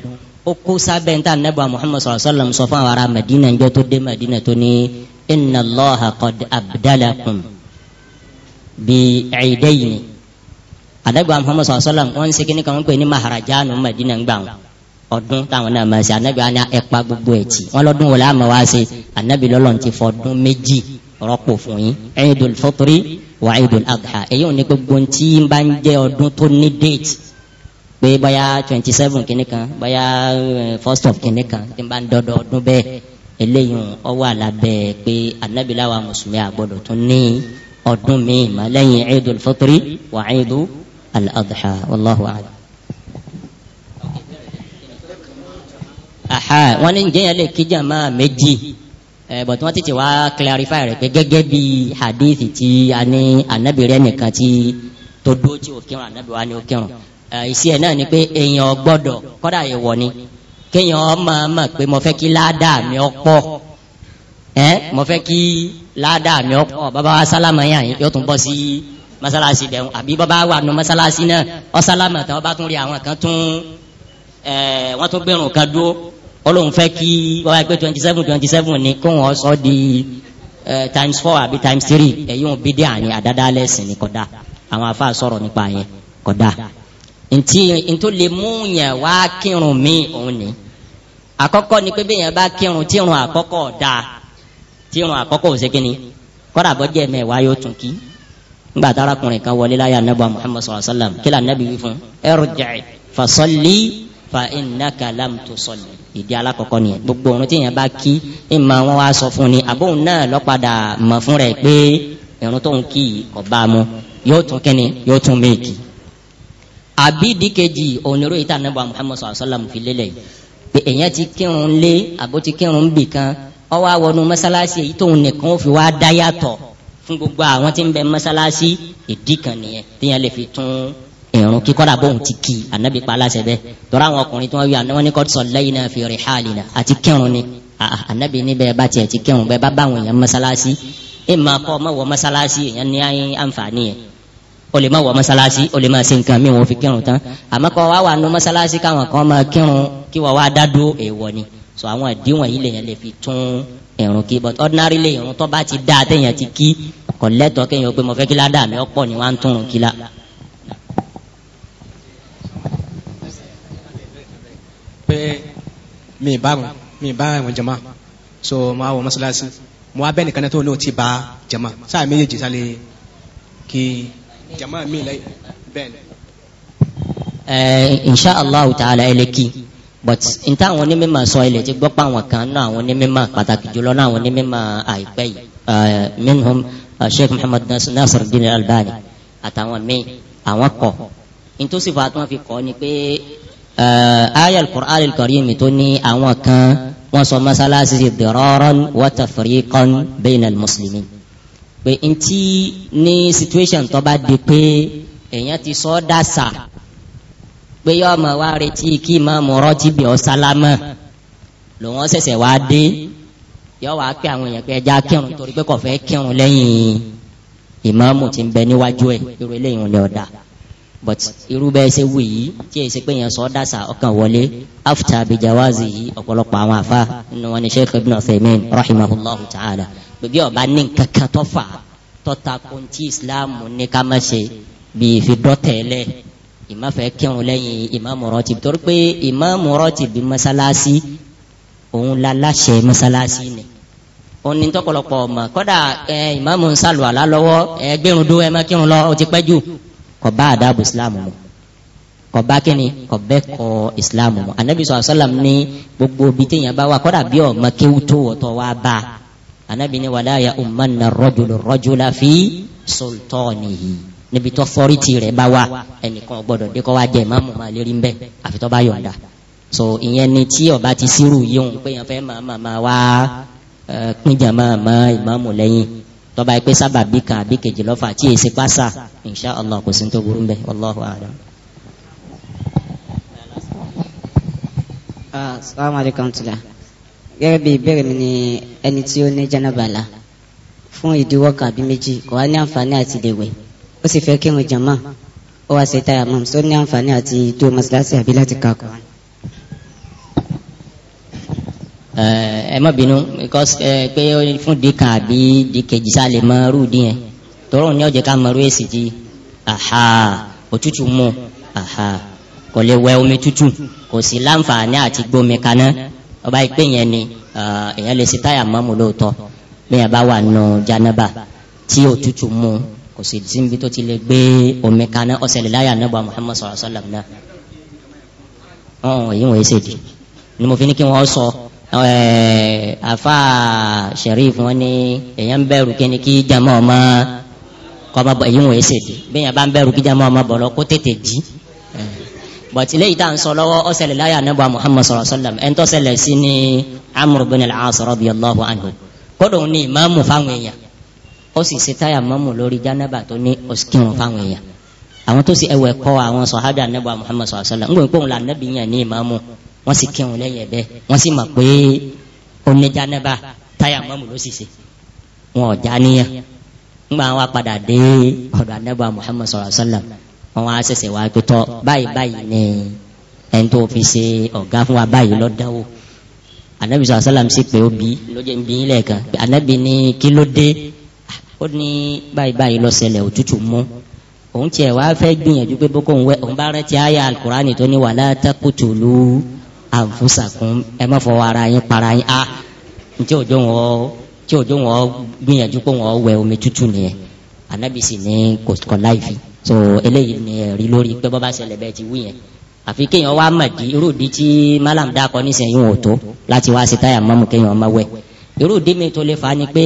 S1: ó kó sábẹ́ níta nẹ́bà Muhammad sallallahu alaihi wasallam sọ fún àwọn ará Madina ńjọ́ tó dé Madina tó ní. إن الله قد abdalakum bi ciidayni anagba muhammad sallallahu alaihi wa sallam wọn ń segin kan wọn pè ní maharajanu madina gbà wọn ọdún táwọn náà máa ṣe anagba ni ẹpa gbogbo ẹ ti wọn lọdún wọlé àmọ́ wá ṣe anabi lọlọrun ti fọdún méjì rọ́pò fún yín Eidul Fitri wa Eidul Adha èyí ò ní gbogbo tí bá ń jẹ ọdún tó ní date pé bóyá twenty seven kìnìkan bóyá eh, first of kìnìkan tí ń bá ń dọdọ ọdún bẹ́ẹ̀ eléyìí ọ wà lábẹ́ pé anabiláwa mùsùlùmí àgbọ́dọ̀ tún ní ọdún míì má lẹ́yìn Eidul Fitri wà Eidul Adha wallahu a'lam. aha wọn ní njẹ́ yẹn lè kíjà máa méjì ẹ bọ̀tí wọ́n tètè wá clarify rẹ̀ pé gẹ́gẹ́ bí hadithi tí a ní anabi rẹ̀ nìkan tí tó dúró tí ó kírun anabi ni ó kírun ẹ ìsí ẹ̀ náà ni pé èèyàn gbọ́dọ̀ kọ́dà yẹ wọ̀ ni kéèyàn ọmọ ọmọ pé mo fẹ́ kí ládà mi ọ̀pọ̀ ẹ mo fẹ́ kí ládà mi ọ̀pọ̀ bàbá wa sálámà yàn yín yóò tún bọ́ sí masalasi dẹ̀hún àbí bàbá wa nu masalasi náà ọ sálámà tán ọba tún rí àwọn kan tún ẹ wọ́n tún gbẹ̀rùn kan dúró olóhùn fẹ́ kí bàbá gbé twenty seven twenty seven ni kó wọn sọ di times four àbí times three ẹ̀yìn òbí dé àní àdáda lẹ́sìn ní kọ́dà àwọn afa sọ̀rọ̀ nípa yẹn kọ́dà ntí ntó lè mú yẹn wá kírun mí òun ni àkọ́kọ́ ni pé bẹ́yẹn bá kírun tírun àkọ́kọ́ da tírun àkọ́kọ́ ò sékéni kọ́dà bọ́jẹ́ mẹ́wàá yóò tún kí ngba taara kùnrin kan wọlé láyà nebà muhammad sallallahu alaihi wa sallam kílà nabi wí fún irji' fasalli fa innaka lam tusalli ìdí alakọ̀kọ́ nìyẹn gbogbo ohun tí yẹn bá kí ẹ máa wọn wá sọ fún ni àbóhùn náà lọ́padà mọ̀ fún rẹ̀ pé irun tó ń kí kò mu yóò tún kíni yóò tún méèkì àbí ìdíkejì oníròyìn tá nebà muhammad sallallahu alaihi wa sallam fi lélẹ̀ yìí pé èèyàn ti kírun lé àbó ti kírun bì kan ó wá wọnú mọ́sálásí èyí tóun nìkan ó fi wá dá yàtọ̀ fún gbogbo àwọn tí ń bẹ mọ́sálásí ìdí kan nìyẹn téèyàn lè fi tún ìrun kíkọ́ dà bóun ti kí ànábì pa aláṣẹ bẹ́ẹ̀ tọ́ra àwọn ọkùnrin tí wọ́n wí àná wọn ní kọ́ sallayna fi rihalina àti kírun ni ànábì níbẹ̀ bá tiẹ̀ ti kírun bẹ́ẹ̀ bá báwọn èèyàn mọ́sálásí ìmọ̀ akọ́ ọmọ wọ o lè má wọ mọ́sálásí o lè má ṣe nǹkan mi wọ́n fi kírun tán àmọ́ kọ́ wá wà nù mọ́sálásí káwọn kan máa kírun kí wọ́n wá dádó èèwọ̀ ni so àwọn àdéhùn yìí lèyàn lè fi tún ìrun kí but ordinary lè ìrun tó bá ti dá àtẹ̀yàn ti kí kò lẹ́tọ̀ọ́ kéèyàn pé mo fẹ́ kí ládàá mi ọ̀pọ̀ ni wọ́n á ń túnrun kí la.
S3: pé mi ì bá wọn mi ì bá wọn jama so mo á wọ mọ́sálásí mo á bẹ́ẹ̀ nìkan náà tó ní o ti bá jama sáà méjèèjì sálẹ̀ kí jama mi lẹ́yìn bẹ́ẹ̀ ni.
S1: ẹ insha allah ta'ala eleki but n ta àwọn onímọ̀ sọ ilẹ̀ tí gbọ́ pa àwọn kan náà àwọn onímọ̀ pàtàkì jùlọ náà àwọn onímọ̀ àìpẹ́ yìí minhum uh, sheikh muhammad nasiruddin albani àtàwọn míì àwọn kọ nítòsí fa tí fi kọ́ ni pé aya al-Qur'an al tó ní àwọn kan wọ́n sọ masalasi diraran wa tafriqan bayna al-muslimin pé ntí ní situation tó bá di pé èèyàn ti sọ ọ́ dàsà pé yọ ọmọ wa retí kí mọ mọ̀rọ́ tí bí ọ sálámà lòun ṣẹ̀ṣẹ̀ wá dé yọ wá pé àwọn èèyàn pé ẹja kírun torí pé kò fẹ́ kírun lẹ́yìn ìmáàmù tí ń bẹ níwájú ẹ̀ irú eléyìí lè ọ̀dà but irú bẹ́ẹ̀ ṣe wù yìí tí èyí ṣe pé èèyàn sọ dàsà ọkàn wọlé after abijawazi yìí ọ̀pọ̀lọpọ̀ àwọn àfa nínú wọn ni Sheikh Ibn Uthaymin rahimahullahu ta'ala pé bí ọba ní nǹkan kan tó fà á tọ́ta kó ti ìsìláàmù ní ká má ṣe bí fi dọ́tẹ̀lẹ̀ ìmáfẹ́ kírun lẹ́yìn ìmáàmù rọ́tìbì torí pé ìmáàmù rọ́tìbì mọ́sálásí òun la láṣẹ mọ́sálásí ni òun ni tọ́pọ̀lọpọ̀ ọmọ kọ́dà ẹ ìmáàmù ń sàlù àlá lọ́wọ́ ẹ gbẹ̀rún dó ẹ má kírun lọ ó ti pẹ́ jù kò bá àdáàbò ìsìláàmù mu kò bá kíni kò bẹ́ kọ ìsìláàmù mu anabi sọ̀rọ̀ sọ́làm ní gbogbo bíi téèyàn bá wà kọ́dà bí ọmọ kéwù tó wọ̀tọ̀ wá bá a anabi ni wala ya umanna rọjulu rọjula fi sultani yìí níbi tó fọrítì rẹ bá wà ẹnìkan gbọ́dọ̀ dé kọ wá jẹ ìmáàmù máa lérí ń bẹ àfi bá yọ̀ǹda so ìyẹn ni tí ọba ti sírù yíwọn pé yẹn fẹ́ máa máa máa wá pínjà máa mọ ìmáàmù lẹ́yìn tọba yìí pé sábà bí kan àbí kejì lọ́fà tí èsì pásá insha allah kò sí ní tó burú ń bẹ a'lam. Ah, assalamu tula gẹ́gẹ́ bí ìbéèrè mi ni ẹni tí ó ní jẹ́nàbàlà fún ìdíwọ́ kàbí méjì kò wá ní àǹfààní àti ìdèwẹ̀ ó sì fẹ́ kírun jàmá ó wá ṣe táyà mọ́ só ní àǹfààní àti tó mọ́sálásí àbí láti ka kọ́. Eh, ẹ má bínú eh, pé fún di kan àbí di kejì sá lè yẹn tọrọ ní ọjà ká mọ irú èsì jí òtútù mú kò lè wẹ omi tútù kò sí láǹfààní àti gbómi kaná ọba ìpè yẹn ni èèyàn lè ṣe táyà mọ́mù lóòótọ́ bẹ́ẹ̀ bá wà nù janaba tí òtútù mú kò sì síbi tó ti lè gbé omi kaná ọ̀sẹ̀lẹ̀ láyà nàbà Muhammad sallallahu alaihi wasallam náà ọ̀hún èyí wọ̀nyí ṣèdí ni mo fi ní kí wọ́n sọ afa Sharif wọn ni èèyàn bẹ̀rù kíni kí jama ọmọ kọ́ ọmọ bọ̀ èyí wọ̀nyí ṣèdí bẹ́ẹ̀ bá ń bẹ̀rù kí jama ọmọ bọ̀ lọ kó tètè jí but ilé yìí tá n sọ lọ́wọ́ ó ṣẹlẹ̀ láyà anábà muhammad sallallahu alayhi wa sallam ẹ̀ńtọ́ ṣẹlẹ̀ sí ni amr bin al-as radiyallahu anhu kódò ní ìmáàmù fáwọn èèyàn ó sì ṣe táyà mọ́mù lórí jánaba tó ní òsìkìrùn fáwọn èèyàn àwọn tó sì ẹwẹ̀ kọ́ àwọn sọ̀hádà anábà muhammad sallallahu alayhi wa sallam pé òun là nábì yàn ní ìmáàmù wọ́n sì kírun lẹ́yìn ẹ̀bẹ́ wọn á ṣẹ̀ṣẹ̀ wá pé tọ́ báyìí báyìí ni ẹni tó fi ṣe ọ̀gá fún wa báyìí lọ́dáwò anabi sọ asálàm sí pé ó bí lóye ń bí lẹ́ẹ̀kan anabi ní kí ló dé ó ní báyìí báyìí lọ ṣẹlẹ̀ òtútù mú òun tiẹ̀ wá fẹ́ gbìyànjú pé boko òun wẹ́ òun bá rántí àyà alukurani tó ní wàlá takutulu àǹfùsàkùn ẹ má fọ ara yín para yín a ah, ntí òjò wọn tí òjò wọn gbìyànjú pé wọn wẹ omi tútù nìyẹn anabi sì ní kò kọ so eléyìí ni ẹ̀rí lórí pé bọ́ bá ṣẹlẹ̀ bẹ́ẹ̀ ti wí yẹn àfi kéèyàn wá mọ̀dí irúdi tí malam dákọ nísìnyí wọn tó láti wá sí táyà mọ́mú kéèyàn má wẹ̀ irúdi mi tó lè fa ni pé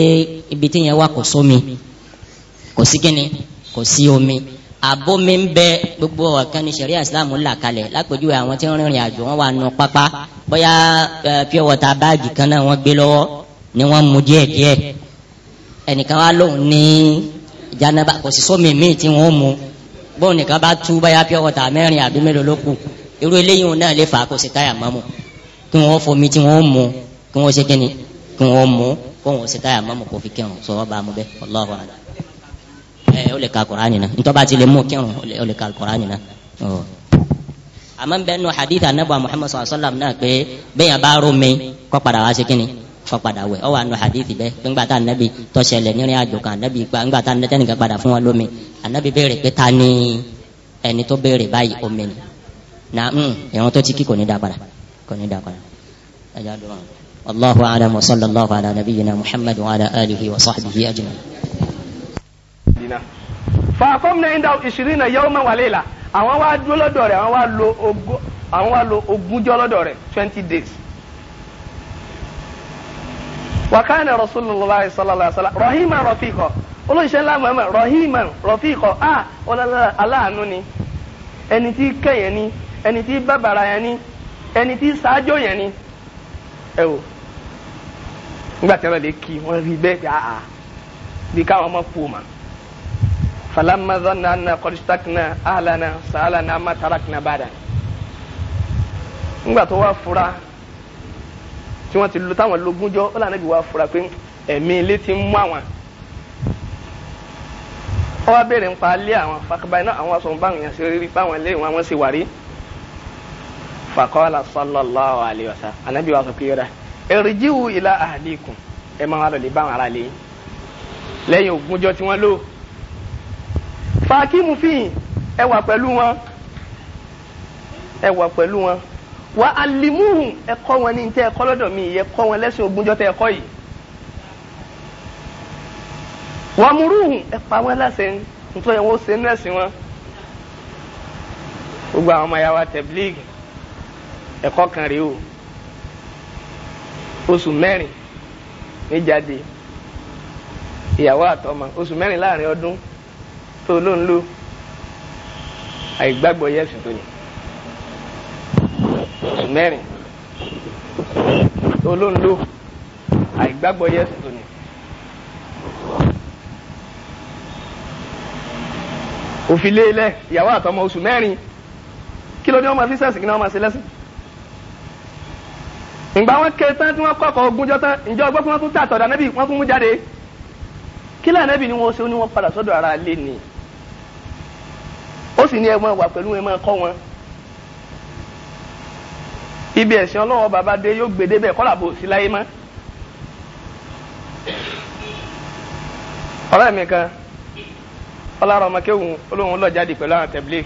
S1: ibi tí yẹn wà kò sómi kò sí kíni kò sí omi abomi ń bẹ gbogbo ọ̀kan ní sẹ̀ríà islam là kalẹ̀ lápèjúwe àwọn tí ń rìnrìn àjò wọn wà nù pápá bóyá pure water báàgì kan náà wọ́n gbé lọ́wọ́ ni wọ́n mu díẹ̀ díẹ̀ ẹnìkan wá lóhùn ní janaba kò sí sómi míì tí wọ́n mu bóun nìkan bá tú báyà pé ọkọ̀ tà mẹ́rin àbí mélòó ló kù irú eléyìí náà lè fà kó sí táyà mọ́mu kí wọ́n fomi tí wọ́n mu kí wọ́n ṣe kíni kí wọ́n mu kó wọ́n sí táyà mọ́mu kó fi kírun sọ wọ́n bá mu bẹ́ẹ̀ Allahu ala ẹ ó lè ka Kùránì náà ntọ́ bá ti lè mú kírun ó lè ka Kùránì náà àmọ́ bẹ́ẹ̀ nù hadith anabu muhammadu sallam náà pé bẹ́ẹ̀ yẹn bá rú mi kó padà wá ṣe kíni fọpadà wẹ̀ ọ wà nù hadithi bẹ́ẹ̀ gbẹ́ngbà tá anabi tó ṣẹlẹ̀ nírìn àjò kan anabi gbàngbà tá anabi nìkan padà fún wọn lómi anabi béèrè pé ta ni ẹni tó béèrè báyìí omi ni na hmm, ìran tó ti kí kò ní dá padà kò ní dá padà Allahu a'lam wa sallallahu ala nabiyyina Muhammad wa ala alihi wa sahbihi ajma'in.
S3: fàákọ́mù náà ń dá ìṣirí náà yawman wa layla àwọn wá dúró lọ́dọ̀ àwọn wá lo ogúnjọ́ lọ́dọ̀ rẹ̀ twenty days wakana rasulillah sallallahu alaihi wa sallam rahima rafiqọ olóyìnṣẹ́ ńlá mọ̀ọ́mọ̀ rahima rafiqọ a aláàánú ni ẹni tí kẹ̀yẹ̀ ni ẹni tí bàbàrà yẹn ni ẹni tí ṣáájò yẹn ni ẹ wò nígbà tí wọn lè kí wọn rí bẹ́ẹ̀ bí a ah, ah, bí káwọn ọmọ kú ma falamma zanna anna kọlistakina ahlana sa'alana amma tarakna bada nígbà tó wà fura tí wọ́n ti lo táwọn lógúnjọ́ ó lànà ìgbìwà fura pé ẹ̀mí ilé ti ń mú àwọn ó wá béèrè nípa ilé àwọn fakaba iná àwọn aṣọ báwọn èèyàn ṣe rí báwọn ilé wọn wọ́n ṣe wà rí fakọ́lá sallallahu alaihi wasallam ànábì wa sọ pé yọ̀dá èrìjíwù ìlà ahlikum ẹ máa wá lọ lè báwọn ará lè lẹ́yìn ògúnjọ́ tí wọ́n lò fàákìmù fìyìn ẹ wà pẹ̀lú wọn ẹ wà pẹ̀lú wọn wà á limuhun ẹ̀kọ́ wọn ní tẹ́ ẹ̀kọ́ lọ́dọ̀ mi yẹ kọ́ wọn lẹ́sìn ogúnjọ́ tẹ́ ẹ̀kọ́ yìí wà múrùhùn ẹ̀pà wọn láṣẹ nítorí ẹ̀ wọ́n ṣe ń rẹ̀sìn wọn gbogbo àwọn ọmọ ya wa tẹ̀blíìgì ẹ̀kọ́ kan rèé o oṣù mẹ́rin níjáde ìyàwó àtọmọ oṣù mẹ́rin láàrin ọdún tó ló ń lò tó yẹ mẹ́rin olóńlò àìgbàgbọ́ yẹ́sì tó ní. òfin léèlẹ̀ ìyàwó àtọmọ oṣù mẹ́rin kí ló dé wọn máa fi sẹ́sìn kí ni wọn máa ṣe lẹ́sìn. ìgbà wọn ké tán tí wọn kọ́kọ́ ogúnjọ́ tán ìjọ ọgbọ́n tí wọ́n tún tà tọ̀dà nẹ́bì wọ́n tún mú jáde. kí lẹ́yìn nẹ́bì ni wọ́n ṣe ó ní wọ́n padà sọ́dọ̀ ara lé ni. ó sì ní ẹ máa wà pẹ̀lú ẹ máa kọ́ wọn ibi ẹ̀sìn ọlọ́wọ́ bàbá dé yóò gbé débẹ̀ kọ́lá bò sí láyé mọ́. ọ̀rẹ́ mi kan ọlọ́run ọmọkéwùn olóhùn lọ jáde pẹ̀lú àwọn tẹ̀blé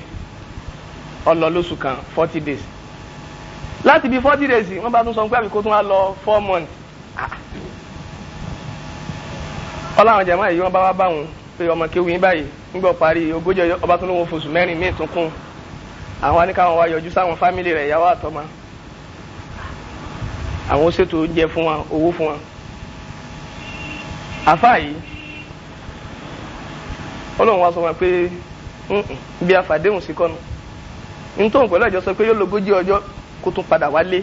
S3: lóṣù kan forty days láti bí forty days wọ́n bá tún sọ pé àbíkó tún wá lọ four months ọlọ́run jẹ̀mọ́ èyí wọ́n bá wá bá wọn pé ọmọkéwùn yín báyìí nígbà parí ogójì tún kún àwọn wa àwọn ṣètò oúnjẹ fún wa owó fún wa àfáà yìí ọlọ́run wa sọ wọn pé bí afàdéhùn sí kọ́nu nítorí pẹ̀lú ẹ̀jọ́ sọ pé yóò lógójì ọjọ́ kó tún padà wálé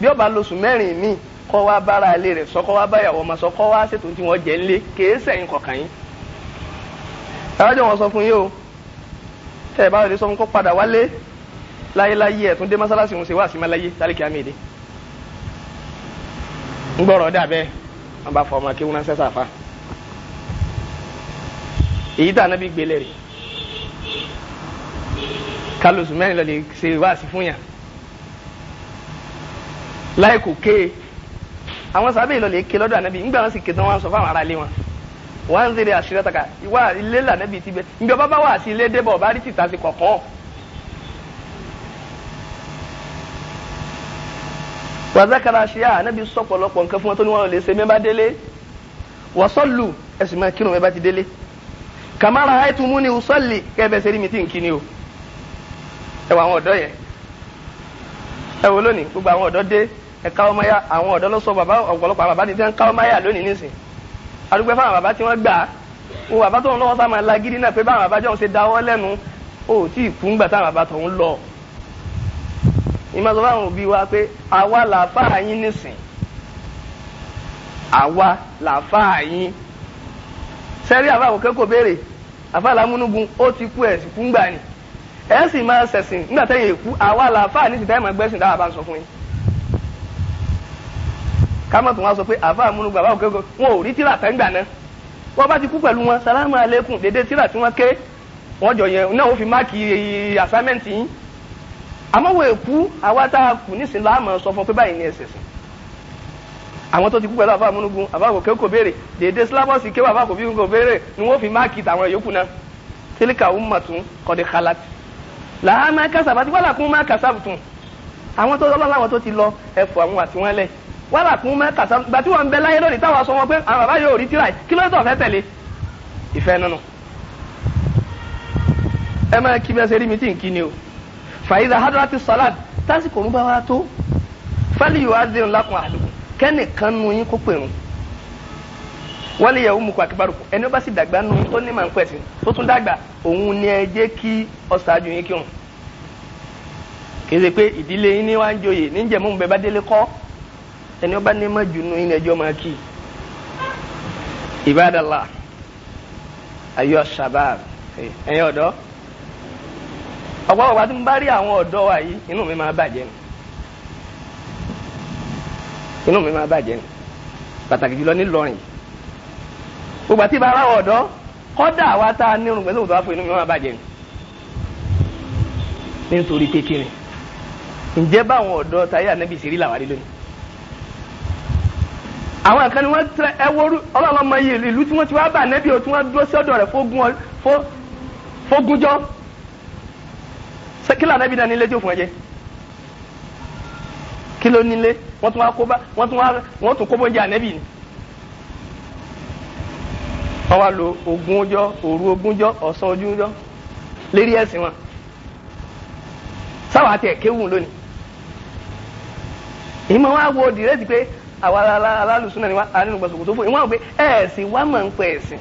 S3: bí ó bá lóṣù mẹ́rin míì kọ́ wá bára ilé rẹ̀ sọ kọ́ wá báyàwó ọmọ sọ kọ́ wá ṣètò tí wọ́n jẹ́ ńlé kèé sẹ́yìn kọ̀ọ̀kan yín. arájọ wọn sọ fún yín o tẹ ẹ bá rẹ sọ fún kó padà wálé láyéláyé ẹ tún dé mọ́sálásí òun ṣe wá sí máláyé sálíkì àmì èdè. ńgbọ́rọ̀ dàbẹ́ wọn bá fọmọ kí wọn sẹ́sà fa èyí tà náà bí gbélé rè kálọ̀sù mẹ́rin lọ́ọ́ lè ṣe awọn fún yàn láì kò kéè àwọn sábẹ́ ìlọlẹ̀ ké lọ́dọ̀ ànábì ńgbà wọn sì ké tán wọn sọ fáwọn ará ilé wọn wọn ń zèrè àṣírí àtàkà ilé wàzákàrà ṣíà ànábì sọ pọ̀lọpọ̀ nǹkan fún wọn tó ní wọn lè ṣe mẹ́bà délé wọ́sọ́lù ẹ̀sìn máa kírun mẹ́bà ti délé kàmára àìtùmú ni usọ́lì kẹ́bẹ̀ ṣe rí mi tí ń kí ni o ẹ wọ àwọn ọ̀dọ́ yẹn ẹ wò lónìí gbogbo àwọn ọ̀dọ́ dé ẹ káwọ́ mọ́yá àwọn ọ̀dọ́ ló sọ bàbá ọ̀pọ̀lọpọ̀ àwọn bàbá ti tẹ́ ń káwọ́ mọ́yá lónìí nísìn adúgbò fáwọn bàbá tí wọ́n gbà wọn bàbá tó ń lọ́wọ́ sá máa lagídí náà pé báwọn bàbá jọ ìmọ̀ sọ fáwọn òbí wa pé àwa làáfàá yín nìsín àwa làáfàá yín sẹ́rí àfa àwòkẹ́ kò béèrè àfa làmúnugun ó ti kú ẹ̀sìn fún gbà ni ẹ̀ sì máa ṣẹ̀sìn nígbà tẹ́yìn èkú àwa làáfàá ní ti dáìmọ̀ gbẹ́sìn dáhà bá ń sọ fún yín kámọ̀ tó wá sọ pé àfa àmúnugun àfa àwòkẹ́ kò wọn ò rí tíra tẹ́ngbà náà wọ́n bá ti kú pẹ̀lú wọn sálámù alẹ́kùn dédé tíra tí wọ́n ké wọ́n jọ yẹn náà ó fi máàkì assignment yín àmọ́ wọ́n èkú àwa tá a kù nísìnyí láàmú sọ fún pé báyìí ní ẹsẹ̀ sìn àwọn tó ti kú pẹ̀lú àfa amúnugun àfa kò kéwòn kò béèrè dèdè sílábọ̀sì kéwòn àfa kò fi kò béèrè ni wọ́n fi máàkì tàwọn yòókù náà tilka ummatun qad khalat laha ma kasabat wa lakum ma kasabtum àwọn tó lọ́lọ́ láwọn tó ti lọ ẹ̀fọ́ àwọn àti wọn lẹ̀ wa lakum ma kasabtum gbà tí wọ́n ń bẹ láyé lónìí táwọn sọ wọn pé àwọn bàbá yóò rí tíráì kí ló fẹ́ tẹ̀lé ìfẹ́ nínú ẹ máa kí bẹ́ẹ̀ ṣe rí mi tí ń kí ni o fàyídà hadrati salat tásìkò òun bá wa tó fẹ́lẹ̀ yóò wá dé ńlá kan àdúgbò kẹ́nìkan nu yín kó pèrún wọ́n lè yẹ ohun mùkọ́ àkíbárùkù ẹni ó bá sì dàgbà nu tó ní màá ń pẹ̀sìn tó tún dàgbà òun ni ẹ jẹ́ kí ọ̀sàájú yín kírun kì í ṣe pé ìdílé yín ní wá ń joyè níjẹ̀mú bẹ́ẹ̀ bá délé kọ́ ẹni ó bá ní mọ́ jù nu yín ẹjọ́ máa kì í ibadallah ayọ̀ shabab ẹ̀yin ọ̀dọ́ ọ̀pọ̀lọpọ̀ àti ń bá rí àwọn ọ̀dọ́ wa yìí inú mi máa bàjẹ́ ni inú mi máa bàjẹ́ ni pàtàkì jùlọ nílọrin gbogbo àti bá aráwọ̀ ọ̀dọ́ kọ́dà wa tá a nírun pẹ̀lú òdòwà fún inú mi máa bàjẹ́ ni nítorí kékeré ǹjẹ́ báwọn ọ̀dọ́ táyé ànábì ṣe rí làwárí lónìí àwọn nǹkan ni wọ́n tẹ ẹ woru ọlọ́run ọmọ yìí ìlú tí wọ́n ti wá bà nẹ́bí o tí wọ́n dúró sọ́dọ̀ rẹ̀ fógúnjọ́ kí lànà ibi náà nílé tí ó fún ẹ jẹ kí ló nílé wọ́n tún wá kó bá wọ́n tún wá wọ́n tún kó bóúnjẹ ànẹ́bì ni. wọ́n wá lo ogún ọjọ́ òru ogún ọjọ́ ọ̀sán ojú ọjọ́ lérí ẹ̀sìn wọn sáwọn àti ẹ̀kéwù lónìí. ìmọ̀ wá wo dìrẹ́tì pé àwa alálùsùn náà ni wọ́n á nínú gbàsókò tó fún ìwọ́n pé ẹ̀sìn wá máa ń pẹ́ ẹ̀sìn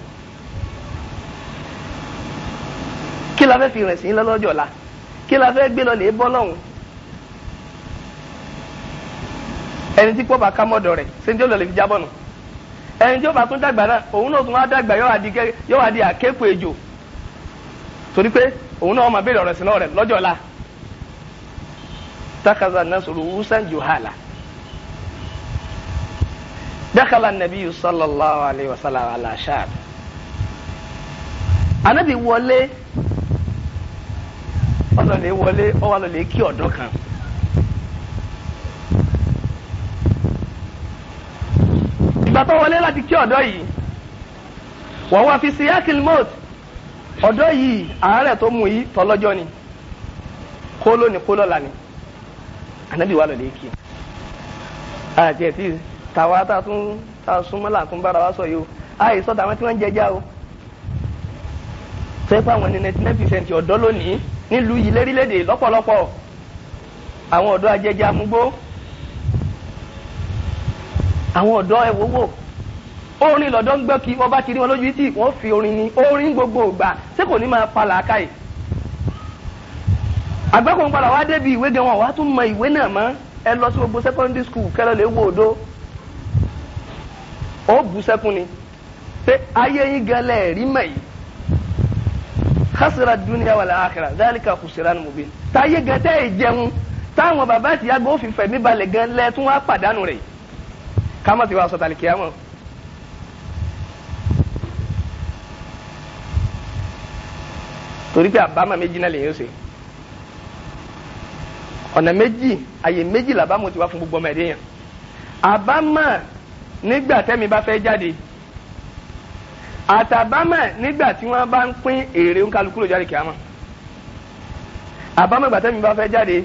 S3: kí la fẹ́ fi rìn sí lọ́lọ́jọ́ la kí la fẹ́ gbé lọ lè bọ́ lọ́hùn ẹni tí pọ́ bá ká mọ́dọ̀ rẹ̀ ṣé ní tí ó lọ lè fi jábọ̀ nù ẹni tí ó bá tún dàgbà náà òun náà tún wá dàgbà yóò wá di àkékù ejò torí pé òun náà máa béèrè ọ̀rọ̀ ìsìn náà lọ́jọ́ la takaza nasuru wusan johala dakala nabi sallallahu alayhi wa sallam ala shahad anabi wọlé ọlọlẹ wọlé ọwọlọlẹ kí ọdún kan. ìgbà tó wọlé láti kí ọdọ yìí wọ́n wá fi siyakil mot ọdọ yìí àárẹ̀ tó mú yìí tọlọ́jọ́ ni kóló ni kóló la ni anabi wà lọlẹ kí àti ẹtì tàwa tá a tún tá a súnmọ́ làkún bára wa sọ yìí o àyè sọ́dọ̀ àwọn tí wọ́n ń jẹjá o sẹ́pẹ́ àwọn ní ninety nine percent ọ̀dọ́ lónìí nílùú yìí lérílẹ̀dè lọ́pọ̀lọpọ̀ àwọn ọ̀dọ́ ajẹjẹ amúgbó àwọn ọ̀dọ́ ẹ̀wòwò orin lọ́dọ́ ń gbọ́ kí wọ́n bá ti rí wọn lójú tì wọ́n fi orin ni orin gbogbo ògbà ṣé kò ní máa pa làákàyè àgbẹ̀kùn padà wá débi ìwé gan wọn wá tún mọ ìwé náà mọ́ ẹ lọ sí gbogbo secondary school kẹlẹ lè wo òdo ó bù sẹ́kùn ni pé ayé yín gan lẹ́ẹ̀rí mọ̀ yìí khasira dunuya wal akhirah dhalika khusran mubin táyé gan tẹ́ ẹ jẹun táwọn bàbá àti ìyá gbọ́ fi fẹ̀mí balẹ̀ gan lẹ́ tún wá pàdánù rẹ̀ kámọ́ ti wá sọ tàlíkì àmọ́. torí pé àbámọ̀ méjì náà lèyìn ó ṣe ọ̀nà méjì àyè méjì làbámọ̀ ti wá fún gbogbo ọmọ ẹ̀dẹ́yàn àbámọ̀ nígbà tẹ́mi bá fẹ́ jáde àtàbámọ̀ nígbà tí wọ́n bá ń pín èrè ń kálukú ló jáde kìámọ̀ àbámọ̀ gbàtẹ́mi bá fẹ́ jáde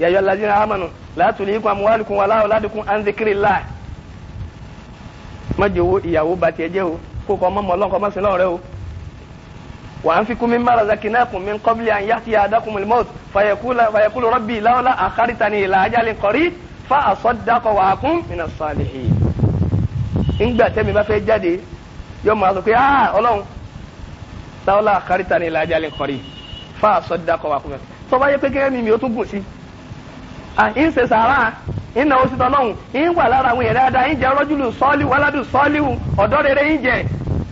S3: yàyọ lajínà amanu látòlè ikú amúhálùkún wà láwọ ládùkún anzikiri láà mọ́jọ owó ìyàwó bàtì ẹ̀jẹ̀ o kó kọ́ mọ́mọ́ ọlọ́nkọ́ mọ́sìn náà rẹ o wà á fi kún mi mbàrà zakina kún mi kọ́bílì àyà ti àdàkùn mi mọ́t fàyẹ̀kúlù rọ́bì láwọlá àkárìtàní ìlà ajálẹ̀ kọ́rí fa àsọdàkọ̀ wà á kún mi sọ́ọ̀lì hì. ńgbà tẹ́mi bá fẹ́ jáde yóò máa sọ pé ah ọlọ́run sáwọ́lá àkárítà ni ìlàjà lè kọ́rí fa àsọdídàkọ̀ wà fún mi tó bá yẹ pé kẹ́kẹ́ mi mi ó tún gùn sí i ń ṣe sàárà ń náwó sí tọ́lọ́hún ń wà lára àwọn èrè àdá ń jẹ rọ́júlù sọ́ọ́líwù aládùn sọ́ọ́líwù ọ̀dọ́ rere ń jẹ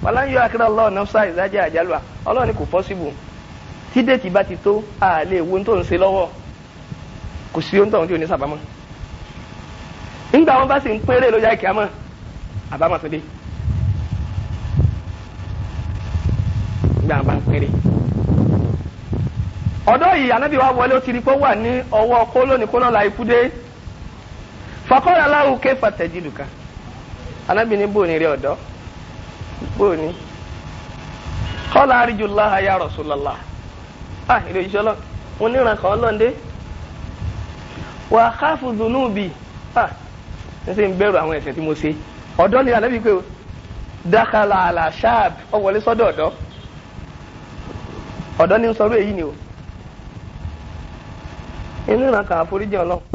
S3: wàlá akérè ọlọ́run nafsa ìzájà àjálùwà ọlọ́run kò pọ́síbù tí déètì bá ti tó a lè wo tó ń ṣe lọ́wọ́ kò sí ohun tó ń tí ò ní sábàámọ̀ nígbà wọn bá sì ń péré lójà ìkíámọ̀ àbámọ̀ tó dé. gbà bá ń péré ọ̀dọ́ yìí anabi wa wọlé ó ti rí pé ó wà ní ọwọ́ kóló ní kóló la ikú dé fakọ́lá aláwo ké fàtẹ́jì lùkà anabi ní bò ní rí ọ̀dọ́ bò ní kọ́lá àríjù láha ya Rasulullah à ah, ìrè ìṣọ́ lọ mo níran kàn án lọ́ndé wà á káfù zunubi à ah, ń sè ń bẹ̀rù àwọn ẹ̀ṣẹ̀ tí mo ṣe ọ̀dọ́ ni anabi pé o dákàlà àlà ṣáàb ọ̀wọ́lé ọ̀dọ́ ni ń sọ èyí ni o inú ìrànkà àforíjì ọlọ́run